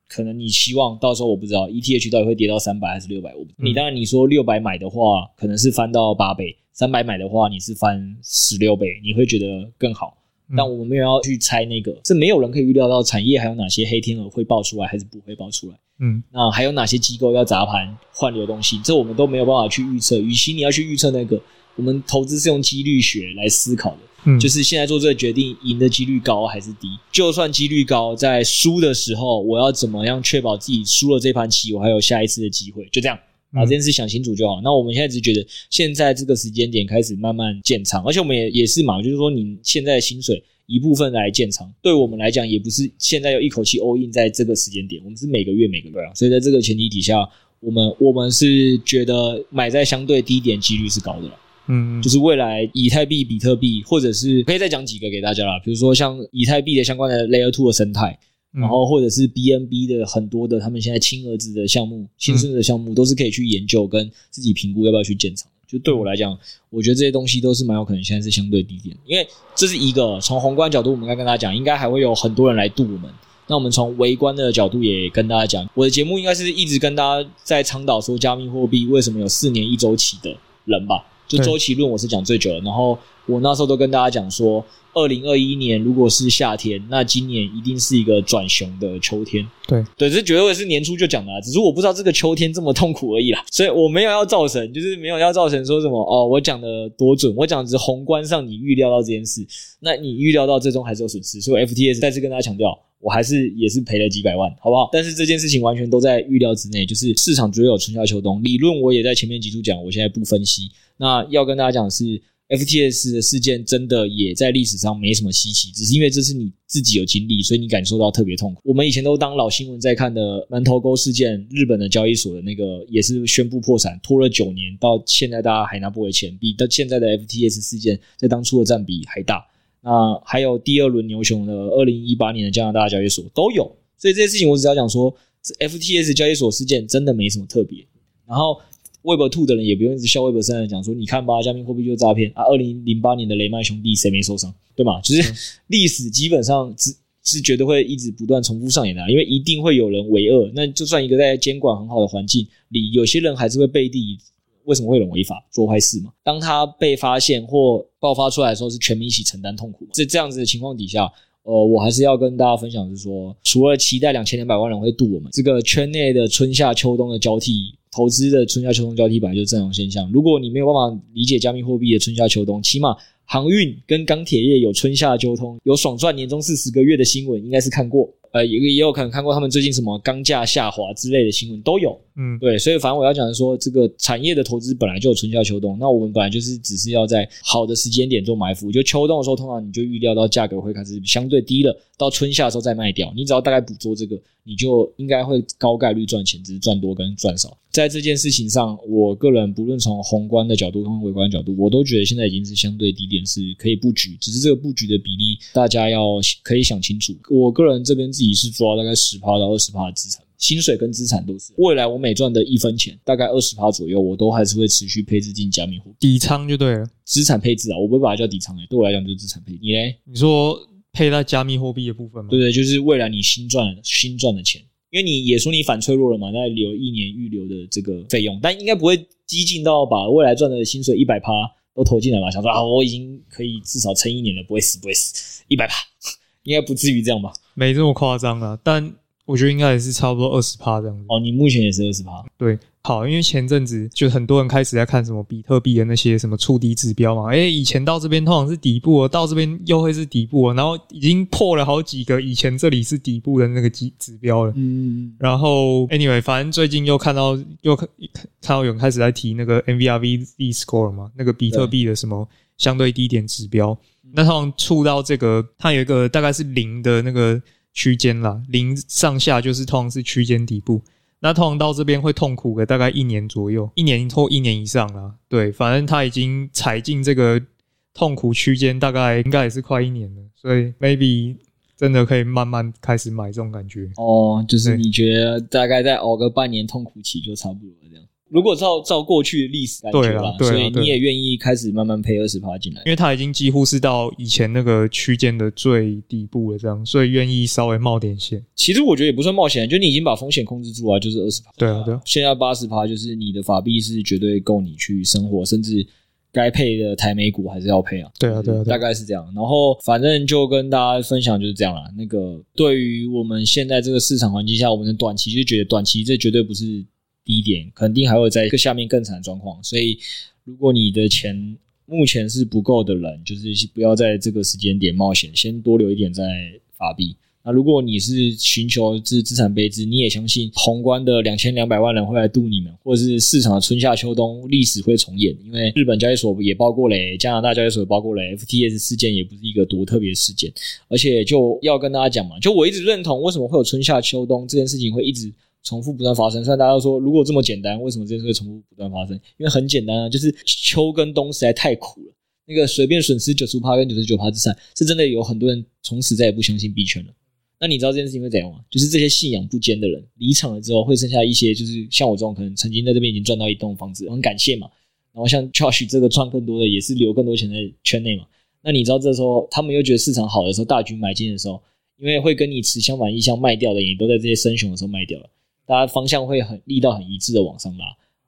可能你希望到時候我不知道 ETH 到底會跌到三百還是六百五。你當然你說六百買的話，可能是翻到八倍；三百買的話，你是翻十六倍，你會覺得更好。但我們沒有要去猜那個，是沒有人可以預料到產業還有哪些黑天鵝會爆出來，還是不會爆出來。嗯，那還有哪些機構要砸盤換流動性，這我們都沒有辦法去預測。與其你要去預測那個，我們投資是用幾率學來思考的，嗯，就是現在做這個決定，贏的幾率高還是低？就算幾率高，在輸的時候，我要怎麼樣確保自己輸了這盤棋，我還有下一次的機會？就這樣。把、啊、這件事想清楚就好。那我們現在只是覺得，現在這個時間點開始慢慢建倉，而且我們也也是嘛，就是說，你現在的薪水一部分來建倉，對我們來講也不是現在要一口氣 all in 在這個時間點，我們是每個月每個月啊。所以在這個前提底下，我們我們是覺得買在相對低點，幾率是高的啦。嗯，嗯，就是未來以太幣、比特幣，或者是可以再講幾個給大家啦。比如說像以太幣的相關的 Layer Two 的生態。嗯、然後，或者是 BNB 的很多的他們現在親兒子的項目、親孫子的項目，都是可以去研究跟自己評估要不要去建倉。就對我來講，我覺得這些東西都是蠻有可能現在是相對低點的，因為這是一個從宏觀角度，我們該跟大家講，應該還會有很多人來度我們。那我們從微觀的角度也跟大家講，我的節目應該是一直跟大家在倡導說，加密貨幣為什麼有四年一週期的人吧。就週期論，我是講最久的。然後我那時候都跟大家講說，二零二一年如果是夏天，那今年一定是一個轉熊的秋天。對對，這、就是、絕對我是年初就講的、啊，只是我不知道這個秋天這麼痛苦而已啦。所以我沒有要造神，就是沒有要造神說什麼哦，我講的多準，我講的是宏觀上你預料到這件事，那你預料到最終還是有損失。所以 FTX 再次跟大家強調，我還是也是賠了幾百萬，好不好？但是這件事情完全都在預料之內，就是市場只有春夏秋冬理論，我也在前面幾處講，我現在不分析。那要跟大家講的是，FTX 的事件真的也在歷史上沒什麼稀奇，只是因為這是你自己有經歷，所以你感受到特別痛苦。我們以前都當老新聞在看的門頭溝事件，日本的交易所的那個也是宣布破產，拖了九年，到現在大家還拿不回錢，比到現在的 FTX 事件在當初的佔比還大。那還有第二輪牛熊的二零一八年的加拿大交易所都有，所以這些事情我只要講說，FTX 交易所事件真的沒什麼特別。然後。微博 b 的人也不用一直笑微博 b 的人，講說，你看吧，嘉密貨幣就是詐騙啊！二零零八年的雷曼兄弟誰沒受傷？對吧，就是歷史基本上是是絕對會一直不斷重複上演的，因為一定會有人為惡。那就算一個在監管很好的環境裡，有些人還是會背地為什麼有人違法做壞事嘛？當他被發現或爆發出來的時候，是全民一起承擔痛苦。在這樣子的情況底下，呃，我還是要跟大家分享，就是說，除了期待兩千兩百萬人會渡我們這個圈內的春夏秋冬的交替。投資的春夏秋冬交替本來就是正常現象。如果你沒有辦法理解加密貨幣的春夏秋冬，起碼航運跟鋼鐵業有春夏秋冬，有爽賺年終四十個月的新聞，應該是看過。呃，也也有可能看過他們最近什麼鋼價下滑之類的新聞都有，嗯，對，所以反正我要講的說，這個產業的投資本來就有春夏秋冬，那我們本來就是只是要在好的時間點做埋伏，就秋冬的時候，通常你就預料到價格會開始相對低了，到春夏的時候再賣掉，你只要大概捕捉這個，你就應該會高概率賺錢，只是賺多跟賺少。在這件事情上，我個人不論從宏觀的角度跟微觀的角度，我都覺得現在已經是相對低點，是可以布局，只是這個布局的比例大家要可以想清楚。我個人這邊。自己是抓大概十趴到二十趴的資產，薪水跟資產都是未來我每賺的一分錢，大概二十趴左右，我都還是會持續配置進加密貨幣底倉就對了，資產配置啊，我不會把它叫底倉哎，對我來講就是資產配置。你嘞？你說配在加密貨幣的部分嗎？對對，就是未來你新賺新賺的錢，因為你也說你反脆弱了嘛，那留一年預留的這個費用，但應該不會激進到把未來賺的薪水一百趴都投進來吧？想說啊，我已經可以至少撐一年了，不會死，不會死100，一百趴應該不至於這樣吧？沒這麼誇張啊，但我覺得應該也是差不多二十趴這樣子。哦，你目前也是二十趴？對，好，因為前陣子就很多人開始在看什麼比特幣的那些什麼觸底指標嘛，誒、欸、以前到這邊通常是底部了，到這邊又會是底部了，然後已經破了好幾個以前這裡是底部的那個指指標了。嗯，然後，anyway，反正最近又看到又看到有人開始在提那個 MVRV Z-Score 嘛，那個比特幣的什麼相對低點指標。那通常觸到這個，它有一個大概是零的那個區間啦，零上下就是通常是區間底部。那通常到這邊會痛苦個大概一年左右，一年或一年以上啦。對，反正他已經踩進這個痛苦區間，大概應該也是快一年了。所以 maybe 真的可以慢慢開始買這種感覺。哦，就是你覺得大概再熬個半年痛苦期就差不多了，這樣子。如果照照過去的歷史，來對啊，所以你也願意開始慢慢配二十趴進來，因為它已經幾乎是到以前那個區間的最底部了，這樣，所以願意稍微冒點險。其實我覺得也不算冒險，就你已經把風險控制住了，就是二十趴。對啊，對啊。現在八十趴，就是你的法幣是絕對夠你去生活，甚至該配的台美股還是要配啊。對啊，對啊，大概是這樣。然後反正就跟大家分享就是這樣啦。那個，對於我們現在這個市場環境下，我們的短期就覺得短期這絕對不是。低點肯定還會在下面更慘狀況，所以如果你的錢目前是不夠的人，就是不要在這個時間點冒險，先多留一點在法幣。那如果你是尋求資資產配置，你也相信宏觀的兩千兩百萬人會來渡你們，或者是市場的春夏秋冬歷史會重演，因為日本交易所也爆過嘞，加拿大交易所也爆過嘞，FTX 事件也不是一個多特別事件，而且就要跟大家講嘛，就我一直認同為什麼會有春夏秋冬這件事情會一直。重複不斷發生，雖然大家都說，如果這麼簡單，為什麼這件事會重複不斷發生？因為很簡單啊，就是秋跟冬實在太苦了。那個隨便損失九十趴跟九十九趴之上，是真的有很多人從此再也不相信幣圈了。那你知道這件事情會怎樣嗎？就是這些信仰不堅的人離場了之後，會剩下一些，就是像我這種可能曾經在這邊已經賺到一棟房子，很感謝嘛。然後像 Josh 這個賺更多的，也是留更多錢在圈內嘛。那你知道這時候他們又覺得市場好的時候，大舉買進的時候，因為會跟你持相反意向賣掉的人也都在這些生熊的時候賣掉了。大家方向會很力道很一致的往上拉，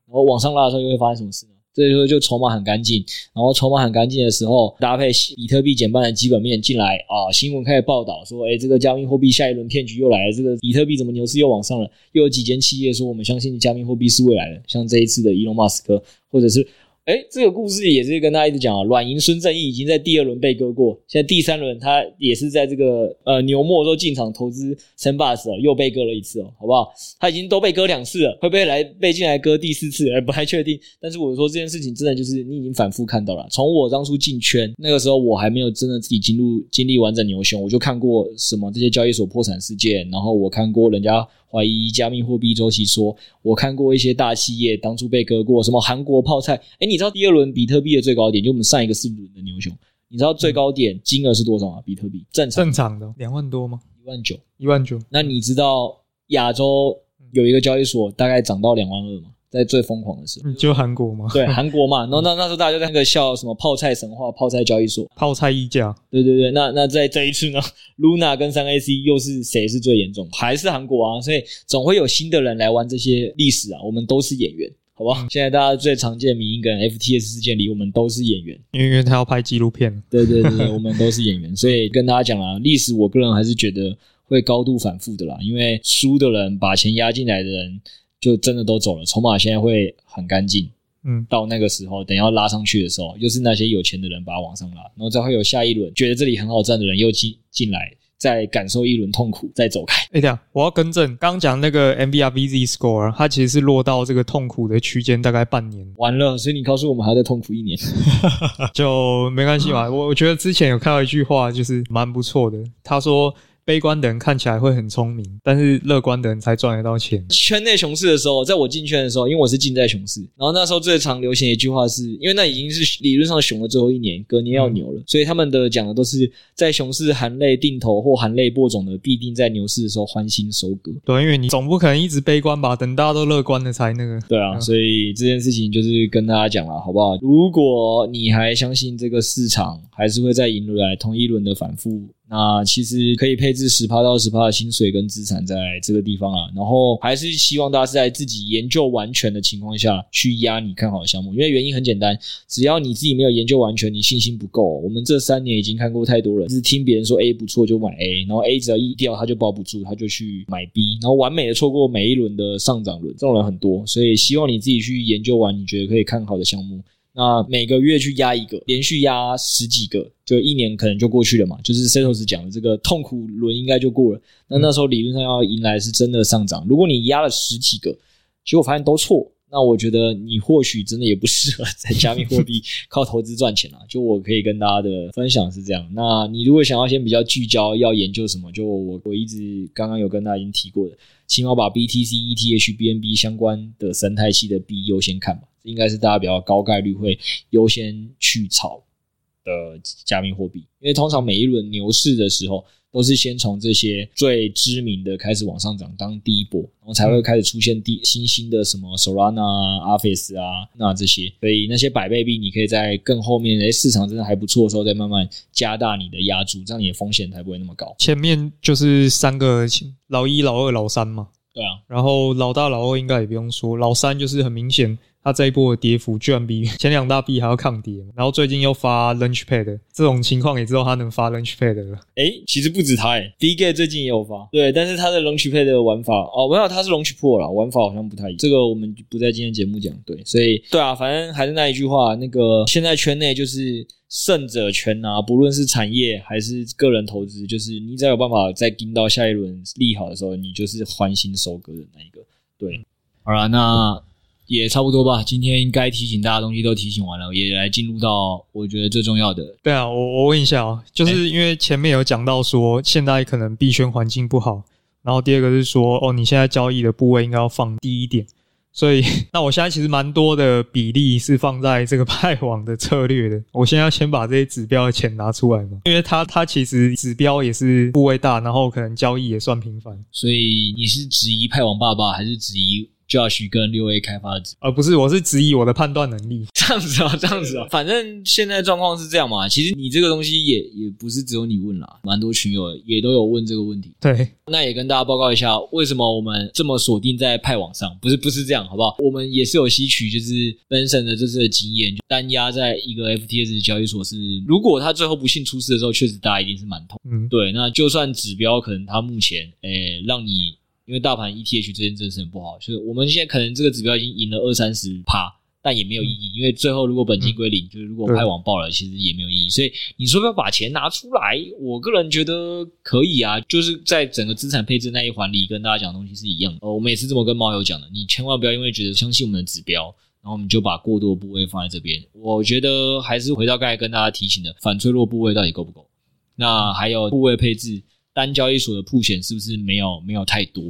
然後往上拉的時候又會發生什麼事呢？所以說就籌碼很乾淨，然後籌碼很乾淨的時候搭配比特幣減半的基本面進來啊，新聞開始報道說，哎，這個加密貨幣下一輪騙局又來了，這個比特幣怎麼牛市又往上了？又有幾間企業說我們相信加密貨幣是未來的，像這一次的伊隆馬斯克或者是。哎，這個故事也是跟大家一直講啊。軟銀孫正義已經在第二輪被割過，現在第三輪他也是在這個呃牛末，都進場投資 Sandbox 了，又被割了一次哦，好不好？他已經都被割兩次了，會不會來被進來割第四次？而不太確定。但是我說這件事情真的就是你已經反覆看到了。從我當初進圈那個時候，我還沒有真的自己進入經歷完整牛熊，我就看過什麼這些交易所破產事件，然後我看過人家。懷疑加密貨幣周期，說我看過一些大企業當初被割過，什麼韓國泡菜。哎，你知道第二輪比特幣的最高點就我們上一個四輪的牛熊，你知道最高點金額是多少嗎？啊，比特幣正常正常的兩萬多嗎？一萬九，一萬九。那你知道亞洲有一個交易所大概漲到兩萬二嗎？在最瘋狂的時候，你就韓國嗎？對，韓國嘛。然後那那時候大家就在那個笑什麼泡菜神話、泡菜交易所、泡菜溢價。對對對，那那在這一次呢，Luna 跟三 AC 又是誰是最嚴重？還是韓國啊？所以總會有新的人來玩這些歷史啊。我們都是演員，好不好？嗯、現在大家最常見的迷因跟 FTX 事件裡，我們都是演員，因為因為他要拍紀錄片。對對對，我們都是演員， (laughs) 所以跟大家講啊，歷史，我個人還是覺得會高度反覆的啦，因為輸的人把錢壓進來的人。就真的都走了，籌碼現在會很乾淨。嗯，到那個時候，等要拉上去的時候，又、就是那些有錢的人把它往上拉，然後再會有下一輪覺得這裡很好賺的人又進進來，再感受一輪痛苦，再走開。哎、欸，這樣我要更正，剛講那個 MVRV Z Score，它其實是落到這個痛苦的區間，大概半年。完了，所以你告訴我們還要再痛苦一年， (laughs) 就沒關係吧？我我覺得之前有看到一句話，就是蠻不錯的，他說。悲觀的人看起來會很聰明，但是樂觀的人才賺得到錢。圈內熊市的時候，在我進圈的時候，因為我是進在熊市，然後那時候最常流行一句話是，因為那已經是理論上熊的最後一年，隔年要牛了，嗯、所以他們的講的都是在熊市含淚定投或含淚播種的，必定在牛市的時候歡欣收割。對，因為你總不可能一直悲觀吧？等大家都樂觀了才那個。對啊，所以這件事情就是跟大家講了，好不好？如果你還相信這個市場，還是會再迎來同一輪的反復。那其實可以配置十趴到十趴的薪水跟資產在這個地方啊，然後還是希望大家是在自己研究完全的情況下去押你看好的項目，因為原因很簡單，只要你自己沒有研究完全，你信心不夠。我們這三年已經看過太多了，是聽別人說 A 不錯就買 A，然後 A 只要一掉他就抱不住，他就去買 B，然後完美的錯過每一輪的上漲輪，這種人很多，所以希望你自己去研究完，你覺得可以看好的項目。那每個月去壓一個，連續壓十幾個，就一年可能就過去了嘛。就是 Cetos 講的這個痛苦輪應該就過了。那那時候理論上要迎來是真的上漲。如果你壓了十幾個，結果發現都錯，那我覺得你或許真的也不適合在加密貨幣靠投資賺錢了。 (laughs) 就我可以跟大家的分享是這樣。那你如果想要先比較聚焦要研究什麼，就我我一直剛剛有跟大家已經提過的，起碼把 BTC、ETH、BNB 相關的生態系的幣優先看嘛。應該是大家比較高概率會優先去炒的加密貨幣，因為通常每一輪牛市的時候，都是先從這些最知名的開始往上漲，當第一波，然後才會開始出現第新興的什麼 Solana、Aptos 啊，那這些，所以那些百倍幣，你可以在更後面、哎，市場真的還不錯的時候，再慢慢加大你的押注，這樣你的風險才不會那麼高。前面就是三個老一、老二、老三嘛，對啊，然後老大、老二應該也不用說，老三就是很明顯。它這一波的跌幅居然比前兩大幣還要抗跌，然後最近又發 Launch Pad，這種情況也知道它能發 Launch Pad 了、欸。哎，其實不止它、欸，誒 b g a 最近也有發。對，但是它的 Launch Pad 的玩法，哦，沒有，它是 Launchpool 了，玩法好像不太一樣。這個我們不在今天節目講。對，所以，對啊，反正還是那一句話，那個現在圈內就是勝者圈啊。不論是產業還是個人投資，就是你只要有辦法再盯到下一輪利好的時候，你就是歡心收割的那一個。對，好了，那。也差不多吧，今天該提醒大家的東西都提醒完了，也來進入到我覺得最重要的。對啊，我我問一下啊，就是因為前面有講到說現在可能幣圈環境不好，然後第二個是說哦，你現在交易的部位應該要放低一點。所以那我現在其實蠻多的比例是放在這個派網的策略的。我現在要先把這些指標的錢拿出來嘛，因為它它其實指標也是部位大，然後可能交易也算頻繁。所以你是質疑派網爸爸還是質疑？就要去跟六 A 開發者，而、哦、不是，我是質疑我的判斷能力，這樣子啊，這樣子啊，反正現在狀況是這樣嘛。其實你這個東西也也不是只有你問啦，蠻多群友也都有問這個問題。對，那也跟大家報告一下，為什麼我們這麼鎖定在派網上？不是不是這樣，好不好？我們也是有吸取就是 Benson 的這次的經驗，就單壓在一個 FTS 交易所是，如果他最後不幸出事的時候，確實大家一定是蠻痛。嗯，對，那就算指標可能他目前，誒、欸，讓你。因為大盤 ETH 最近真的是很不好，就是我們現在可能這個指標已經贏了二三十趴，但也沒有意義，嗯，因為最後如果本金歸零，嗯，就是如果派網爆了，其實也沒有意義。所以你說不要把錢拿出來，我個人覺得可以啊，就是在整個資產配置那一環裡，跟大家講的東西是一樣的。呃、我們也是這麼跟貓友講的，你千萬不要因為覺得相信我們的指標，然後你就把過多的部位放在這邊。我覺得還是回到剛才跟大家提醒的，反脆弱部位到底夠不夠？那還有部位配置，單交易所的曝險是不是沒有沒有太多？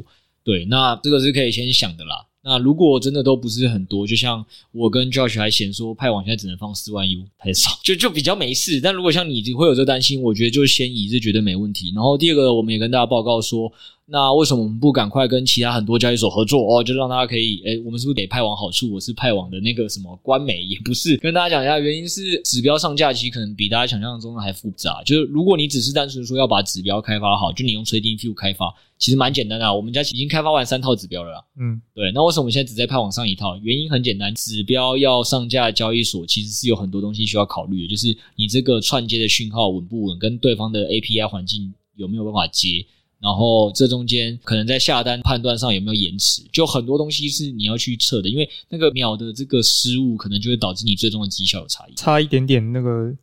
對，那這個是可以先想的啦。那如果真的都不是很多，就像我跟 Josh 還嫌說派網現在只能放四萬 U 太少，就就比較沒事。但如果像你會有這擔心，我覺得就先移，就覺得沒問題。然後第二個，我們也跟大家報告說。那為什麼我們不趕快跟其他很多交易所合作哦？Oh, 就讓大家可以誒、欸、我們是不是得派網好處？我是派網的那個什麼官媒也不是。跟大家講一下，原因是指標上架其實可能比大家想象中的還複雜。就是如果你只是單純說要把指標開發好，就你用 TradingView 開發，其實蠻簡單的、啊。我們家已經開發完三套指標了啦。嗯，對。那為什麼我們現在只在派網上一套？原因很簡單，指標要上架交易所其實是有很多東西需要考慮的，就是你這個串接的訊號穩不穩，跟對方的 API 環境有沒有辦法接。然後這中間可能在下單判斷上有沒有延遲，就很多東西是你要去測的，因為那個秒的這個失誤，可能就會導致你最終的績效有差異。差一點點，那個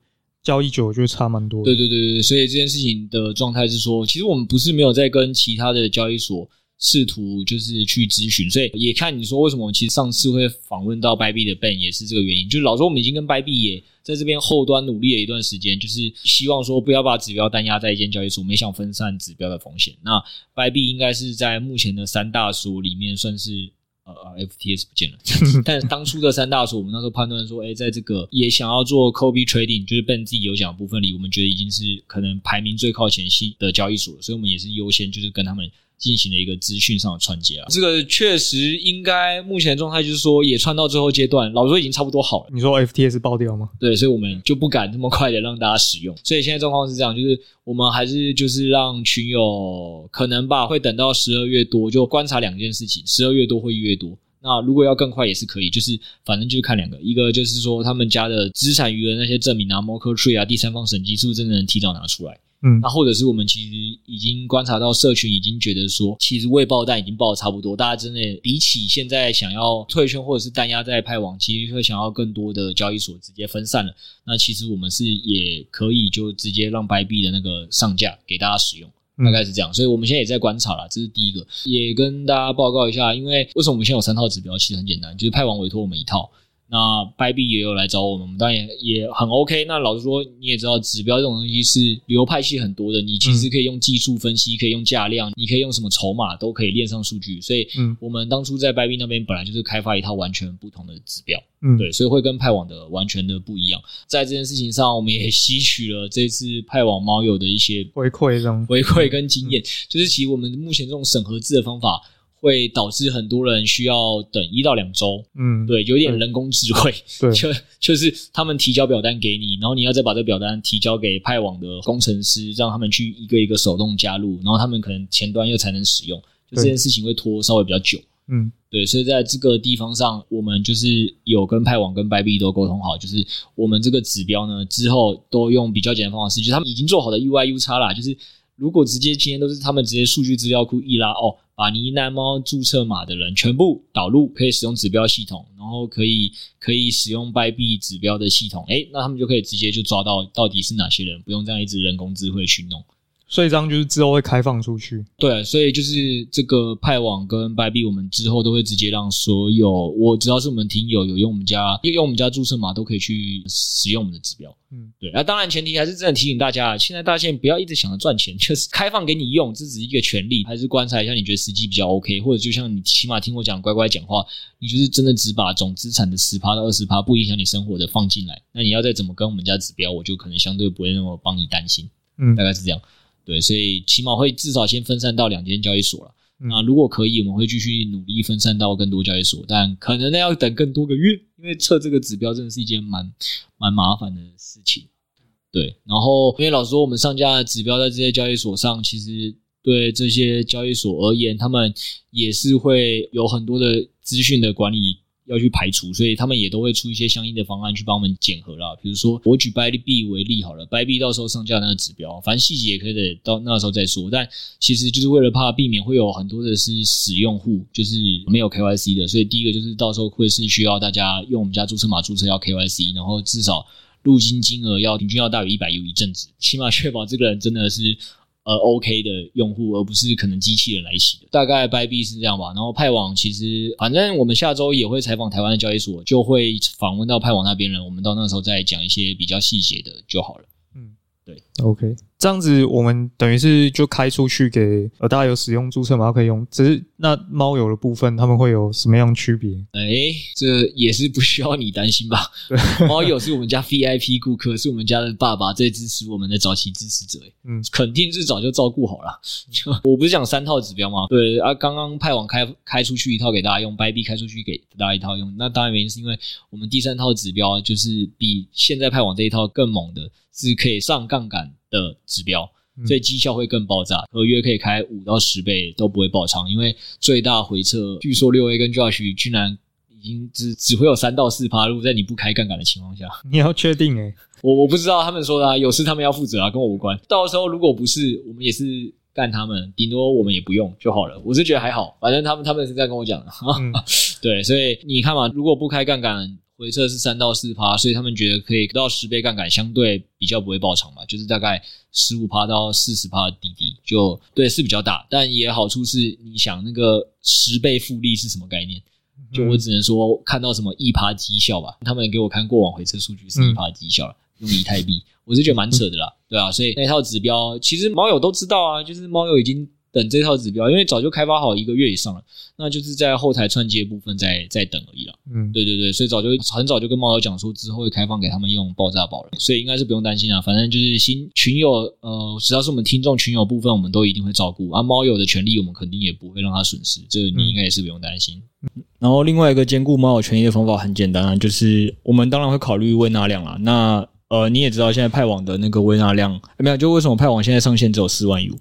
交易久就差蠻多。對對對對，所以這件事情的狀態是說，其實我們不是沒有在跟其他的交易所。試圖就是去諮詢，所以也看你說為什麼。其實上次會訪問到 Bybit 的 Ben 也是這個原因。就是老說我們已經跟 Bybit 也在這邊後端努力了一段時間，就是希望說不要把指標單壓在一間交易所，我們也想分散指標的風險。那 Bybit 應該是在目前的三大所裡面算是呃 FTS 不見了。 (laughs) 但當初這三大所，我們那時候判斷說，哎、欸，在這個也想要做 Copy Trading 就是 Ben 自己有講的部分裡，我們覺得已經是可能排名最靠前系的交易所，所以我們也是優先就是跟他們。進行了一個資訊上的串接啊，這個確實應該目前的狀態就是說也串到最後階段，老說已經差不多好了。你說 FTX 爆掉嗎？對，所以我們就不敢這麼快的讓大家使用。所以現在狀況是這樣，就是我們還是就是讓群友可能吧，會等到十二月多就觀察兩件事情，十二月多或一月多。那如果要更快也是可以，就是反正就看兩個，一個就是說他們家的資產餘額那些證明啊 Merkle Tree 啊，第三方審計是不是真的能提早拿出來？嗯，那或者是我們其實已經觀察到，社群已經覺得說，其實未爆彈已經爆得差不多，大家真的比起現在想要退圈或者是單押在派網，其實會想要更多的交易所直接分散了。那其實我們是也可以就直接讓白幣的那個上架給大家使用，大概是這樣。所以我們現在也在觀察啦，這是第一個，也跟大家報告一下。因為為什麼我們現在有三套指標？其實很簡單，就是派網委托我們一套。那 Bybit 也有來找我們，我們當然也很 OK。那老實說，你也知道，指標這種東西是流派系很多的。你其實可以用技術分析、嗯，可以用價量，你可以用什麼籌碼，都可以鏈上數據。所以，我們當初在 Bybit 那邊本來就是開發一套完全不同的指標，嗯，對，所以會跟派網的完全的不一樣。在這件事情上，我們也吸取了這次派網貓友的一些回饋，回饋跟經驗，就是其實我們目前這種審核制的方法。會導致很多人需要等一到兩周，嗯，對，有點人工智慧，對，就對就是他們提交表單給你，然後你要再把這表單提交給派網的工程師，讓他們去一個一個手動加入，然後他們可能前端又才能使用，就這件事情會拖稍微比較久，嗯，對，所以在這個地方上，我們就是有跟派網跟 Bybit 都溝通好，就是我們這個指標呢之後都用比較簡單的方法，就是就他們已經做好的 UIUX 啦。就是如果直接今天都是他們直接數據資料庫一拉哦。把呢喃貓註冊碼的人全部導入，可以使用指標系統，然後可以可以使用 Bybit 指標的系統，誒、欸，那他們就可以直接就抓到到底是哪些人，不用這樣一直人工智慧去弄。所以這樣就是之後會開放出去，對、啊，所以就是這個派網跟 Bybit，我們之後都會直接讓所有我只要是我們聽友有，有用我們家用用我們家注冊碼都可以去使用我們的指標，嗯，對、啊。那當然前提還是真的提醒大家，現在大家不要一直想着賺錢，就是開放給你用，這只是一個權利，還是觀察一下你覺得時機比較 OK，或者就像你起碼聽我講乖乖講話，你就是真的只把總資產的十趴到二十趴不影響你生活的放進來，那你要再怎麼跟我們家指標，我就可能相對不會那麼幫你擔心，嗯，大概是這樣、嗯。嗯對，所以起碼會至少先分散到兩間交易所了、嗯。那如果可以，我們會繼續努力分散到更多交易所，但可能那要等更多個月，因為測這個指標真的是一件蠻蠻麻煩的事情、嗯。對，然後因為老實說，我們上架的指標在這些交易所上，其實對這些交易所而言，他們也是會有很多的資訊的管理。要去排除，所以他們也都會出一些相應的方案去幫我們檢核啦。比如說，我舉 Bybit 為例好了，Bybit 到時候上架那個指標，反正細節也可以得到那時候再說。但其實就是為了怕避免會有很多的是使用戶，就是沒有 KYC 的。所以第一個就是到時候會是需要大家用我們家註冊碼註冊要 KYC，然後至少入金金額要平均要大於一百有一陣子，起碼確保這個人真的是。呃，OK 的用戶，而不是可能機器人來洗的，大概 Bybit 是這樣吧。然後派網其實，反正我們下週也會採訪台灣的交易所，就會訪問到派網那邊了。我們到那時候再講一些比較細節的就好了。嗯，對，OK。這樣子，我們等於是就開出去給呃大家有使用註冊碼可以用。只是那貓友的部分，他們會有什麼樣區別？哎、欸，這也是不需要你擔心吧？貓友是我們家 VIP 顧客， (laughs) 是我們家的爸爸，最支持我們的早期支持者、欸。嗯，肯定是早就照顧好了。就 (laughs) 我不是講三套指標嗎？對啊，剛剛派網開開出去一套給大家用，Bybit 開出去給大家一套用。那當然，原因是因為我們第三套指標、啊、就是比現在派網這一套更猛的，是可以上槓桿。的指標，所以績效會更爆炸，合約可以開五到十倍都不會爆倉，因為最大回撤據說六 A 跟 Josh 居然已經只只會有三到四趴，如果在你不開槓桿的情況下，你要確定誒、欸、我我不知道他們說的，啊，有事他們要負責啊，跟我無關。到時候如果不是，我們也是幹他們，頂多我們也不用就好了。我是覺得還好，反正他們他們是在跟我講，的。嗯、 (laughs) 對，所以你看嘛，如果不開槓桿。回撤是三到四趴，所以他們覺得可以到十倍槓桿，相對比較不會爆倉嘛，就是大概十五趴到四十趴的滴滴，就對是比較大，但也好處是你想那個十倍複利是什麼概念、嗯？就我只能說看到什麼一趴績效吧，他們給我看過往回撤數據是一趴績效了、嗯，用以太幣，我是覺得蠻扯的啦，對啊，所以那套指標其實貓友都知道啊，就是貓友已經。等這套指標，因為早就開發好一個月以上了，那就是在後台串接部分在在等而已了。嗯，對對對，所以早就很早就跟貓友講說，之後會開放給他們用爆炸保了，所以應該是不用擔心啊。反正就是新群友，呃，只要是我們聽眾群友部分，我們都一定會照顧啊。貓友的權利，我們肯定也不會讓他損失，這你應該也是不用擔心。嗯、然後另外一個兼顧貓友權益的方法很簡單啊，就是我們當然會考慮胃納量啊，那呃，你也知道現在派網的那個胃納量，哎、沒有就為什麼派網現在上線只有四萬 u。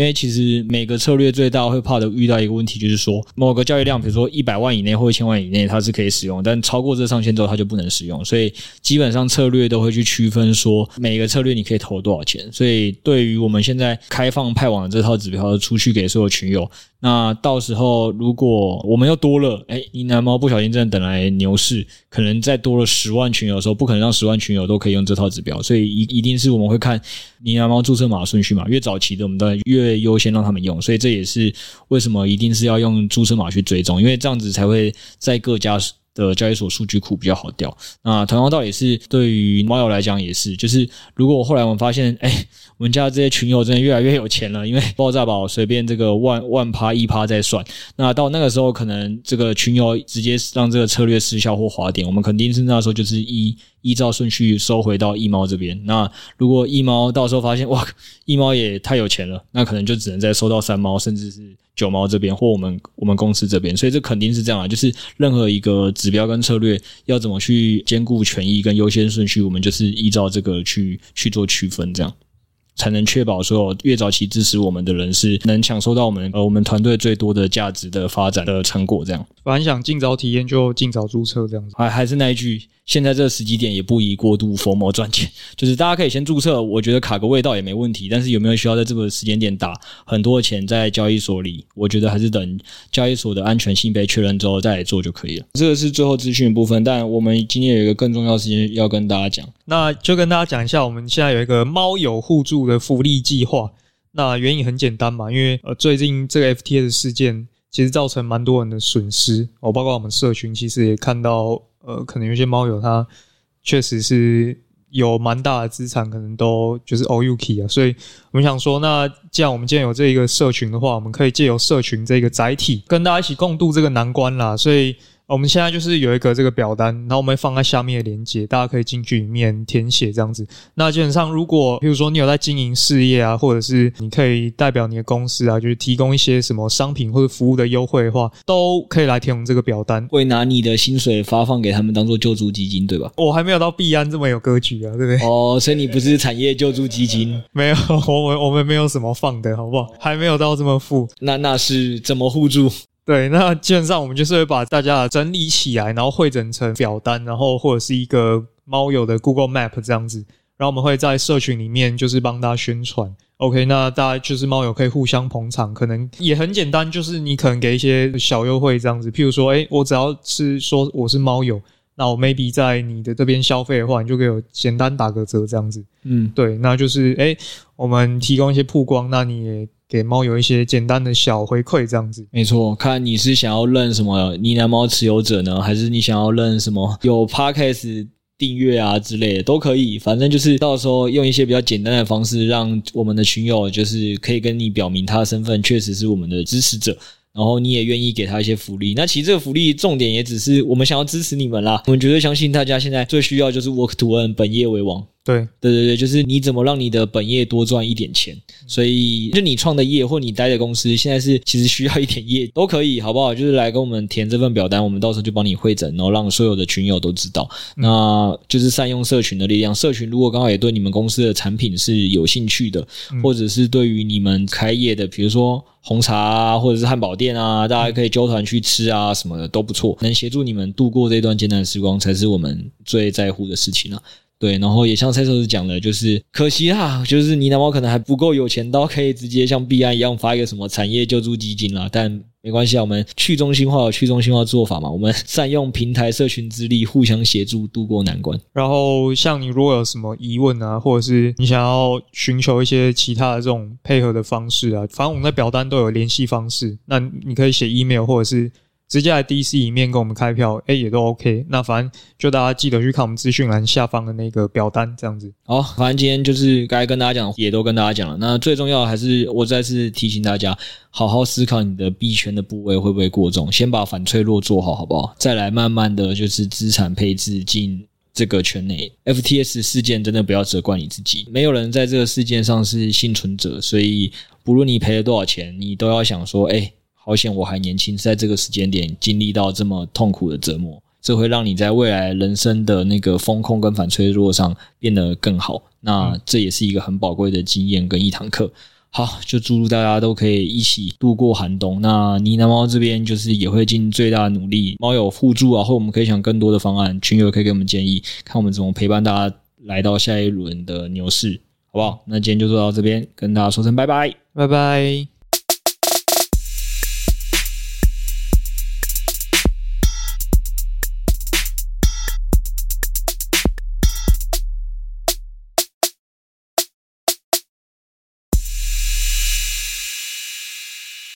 因為其實每個策略最大會怕的遇到一個問題，就是說某個交易量，比如說一百萬以內或者千萬以內，它是可以使用，但超過這上限之後，它就不能使用。所以基本上策略都會去區分，說每個策略你可以投多少錢。所以對於我們現在開放派網的這套指標出去給所有群友。那到時候，如果我們又多了，哎，呢喃貓不小心真的等來牛市，可能再多了十萬群友的時候，不可能讓十萬群友都可以用這套指標，所以一一定是我們會看呢喃貓註冊碼的順序嘛，越早期的我們當然越優先讓他們用，所以這也是為什麼一定是要用註冊碼去追蹤，因為這樣子才會在各家。的交易所數據庫比較好調。那同樣道理是，對於貓友來講也是，就是如果我後來我們發現，哎，我們家這些群友真的越來越有錢了，因為爆炸寶隨便這個萬萬趴一趴在算，那到那個時候可能這個群友直接讓這個策略失效或滑點，我們肯定是那時候就是一。依照順序收回到一貓這邊，那如果一貓到時候發現哇，一貓也太有錢了，那可能就只能再收到三貓，甚至是九貓這邊或我們我們公司這邊。所以這肯定是這樣啊，就是任何一個指標跟策略要怎麼去兼顧權益跟優先順序，我們就是依照這個去去做區分，這樣才能確保所有越早期支持我們的人士能享受到我們呃我們團隊最多的價值的發展的成果這樣。凡想盡早體驗，就盡早註冊這樣子。還還是那一句，現在這時機點也不宜過度佛魔賺錢，就是大家可以先註冊。我覺得卡個位倒也沒問題，但是有沒有需要在這個時間點打很多錢在交易所裡？我覺得還是等交易所的安全性被確認之後再來做就可以了。這個是最後資訊部分，但我們今天有一個更重要的事情要跟大家講，那就跟大家講一下，我們現在有一個貓友互助的福利計劃。那原因很簡單嘛，因為呃最近這個 FTX 的事件。其實造成蠻多人的損失，我、哦、包括我們社群，其實也看到，呃，可能有些貓友他確實是有蠻大的資產，可能都就是 O UK 啊，所以我們想說，那既然我們既然有這一個社群的話，我們可以借由社群這個載體，跟大家一起共度這個難關啦，所以。我們現在就是有一個這個表單，然後我們會放在下面的鏈接，大家可以進去裡面填寫這樣子。那基本上，如果比如說你有在經營事業啊，或者是你可以代表你的公司啊，就是提供一些什麼商品或者服務的優惠的話，都可以來填我們這個表單。會拿你的薪水發放給他們當做救助基金，對吧？我，哦，還沒有到幣安這麼有格局啊，對不對？哦，所以你不是產業救助基金？沒有，我們我們沒有什麼放的，好不好？還沒有到這麼富，那那是怎麼互助？對，那基本上我們就是會把大家整理起來，然後彙整成表單，然後或者是一個貓友的 Google Map 這樣子，然後我們會在社群裡面就是幫大家宣傳。OK，那大家就是貓友可以互相捧場，可能也很簡單，就是你可能給一些小優惠這樣子，譬如說，哎，我只要是說我是貓友，那我 maybe 在你的這邊消費的話，你就給我簡單打個折這樣子。嗯，對，那就是哎，我們提供一些曝光，那你也。給貓有一些簡單的小回饋，這樣子沒錯。看你是想要認什麼呢喃貓持有者呢，還是你想要認什麼有 podcast 訂閱啊之類的都可以。反正就是到時候用一些比較簡單的方式，讓我們的群友就是可以跟你表明他的身份，確實是我們的支持者，然後你也願意給他一些福利。那其實這個福利重點也只是我們想要支持你們啦。我們絕對相信大家現在最需要就是 work to earn 本業為王。對對對對，就是你怎麼讓你的本業多賺一點錢，所以就你創的業或你待的公司，現在是其實需要一點業都可以，好不好？就是來跟我們填這份表單，我們到時候就幫你匯總，然後讓所有的群友都知道。那就是善用社群的力量，社群如果剛好也對你們公司的產品是有興趣的，或者是對於你們開業的，比如說紅茶啊，或者是漢堡店啊，大家可以揪團去吃啊什麼的都不錯，能協助你們度過這段艱難時光才是我們最在乎的事情啊。對，然後也像蔡壽子講的，就是可惜啦、啊，就是你呢喃貓可能還不夠有錢，到可以直接像幣安一樣發一個什麼產業救助基金啦。但沒關係啊，我們去中心化有去中心化的做法嘛，我們善用平台社群之力，互相協助度過難關。然後像你如果有什麼疑問啊，或者是你想要尋求一些其他的這種配合的方式啊，反正我們的表單都有聯繫方式，那你可以寫 email 或者是。直接來 DC 裡面跟我們開票，哎、欸，也都 OK。那反正就大家記得去看我們資訊欄下方的那個表單，這樣子。好，反正今天就是該跟大家講，也都跟大家講了。那最重要的還是我再次提醒大家，好好思考你的幣圈的部位會不會過重，先把反脆弱做好，好不好？再來慢慢的就是資產配置進這個圈內。FTX 事件真的不要責怪你自己，沒有人在這個事件上是幸存者，所以不論你賠了多少錢，你都要想說，哎、欸。而且我還年輕，在這個時間點經歷到這麼痛苦的折磨，這會讓你在未來人生的那個風控跟反脆弱上變得更好。那這也是一個很寶貴的經驗跟一堂課。好，就祝大家都可以一起度過寒冬。那呢喃貓這邊就是也會盡最大的努力，貓友互助啊，或我們可以想更多的方案，群友可以給我們建議，看我們怎麼陪伴大家來到下一輪的牛市，好不好？那今天就做到這邊，跟大家說聲拜拜，拜拜。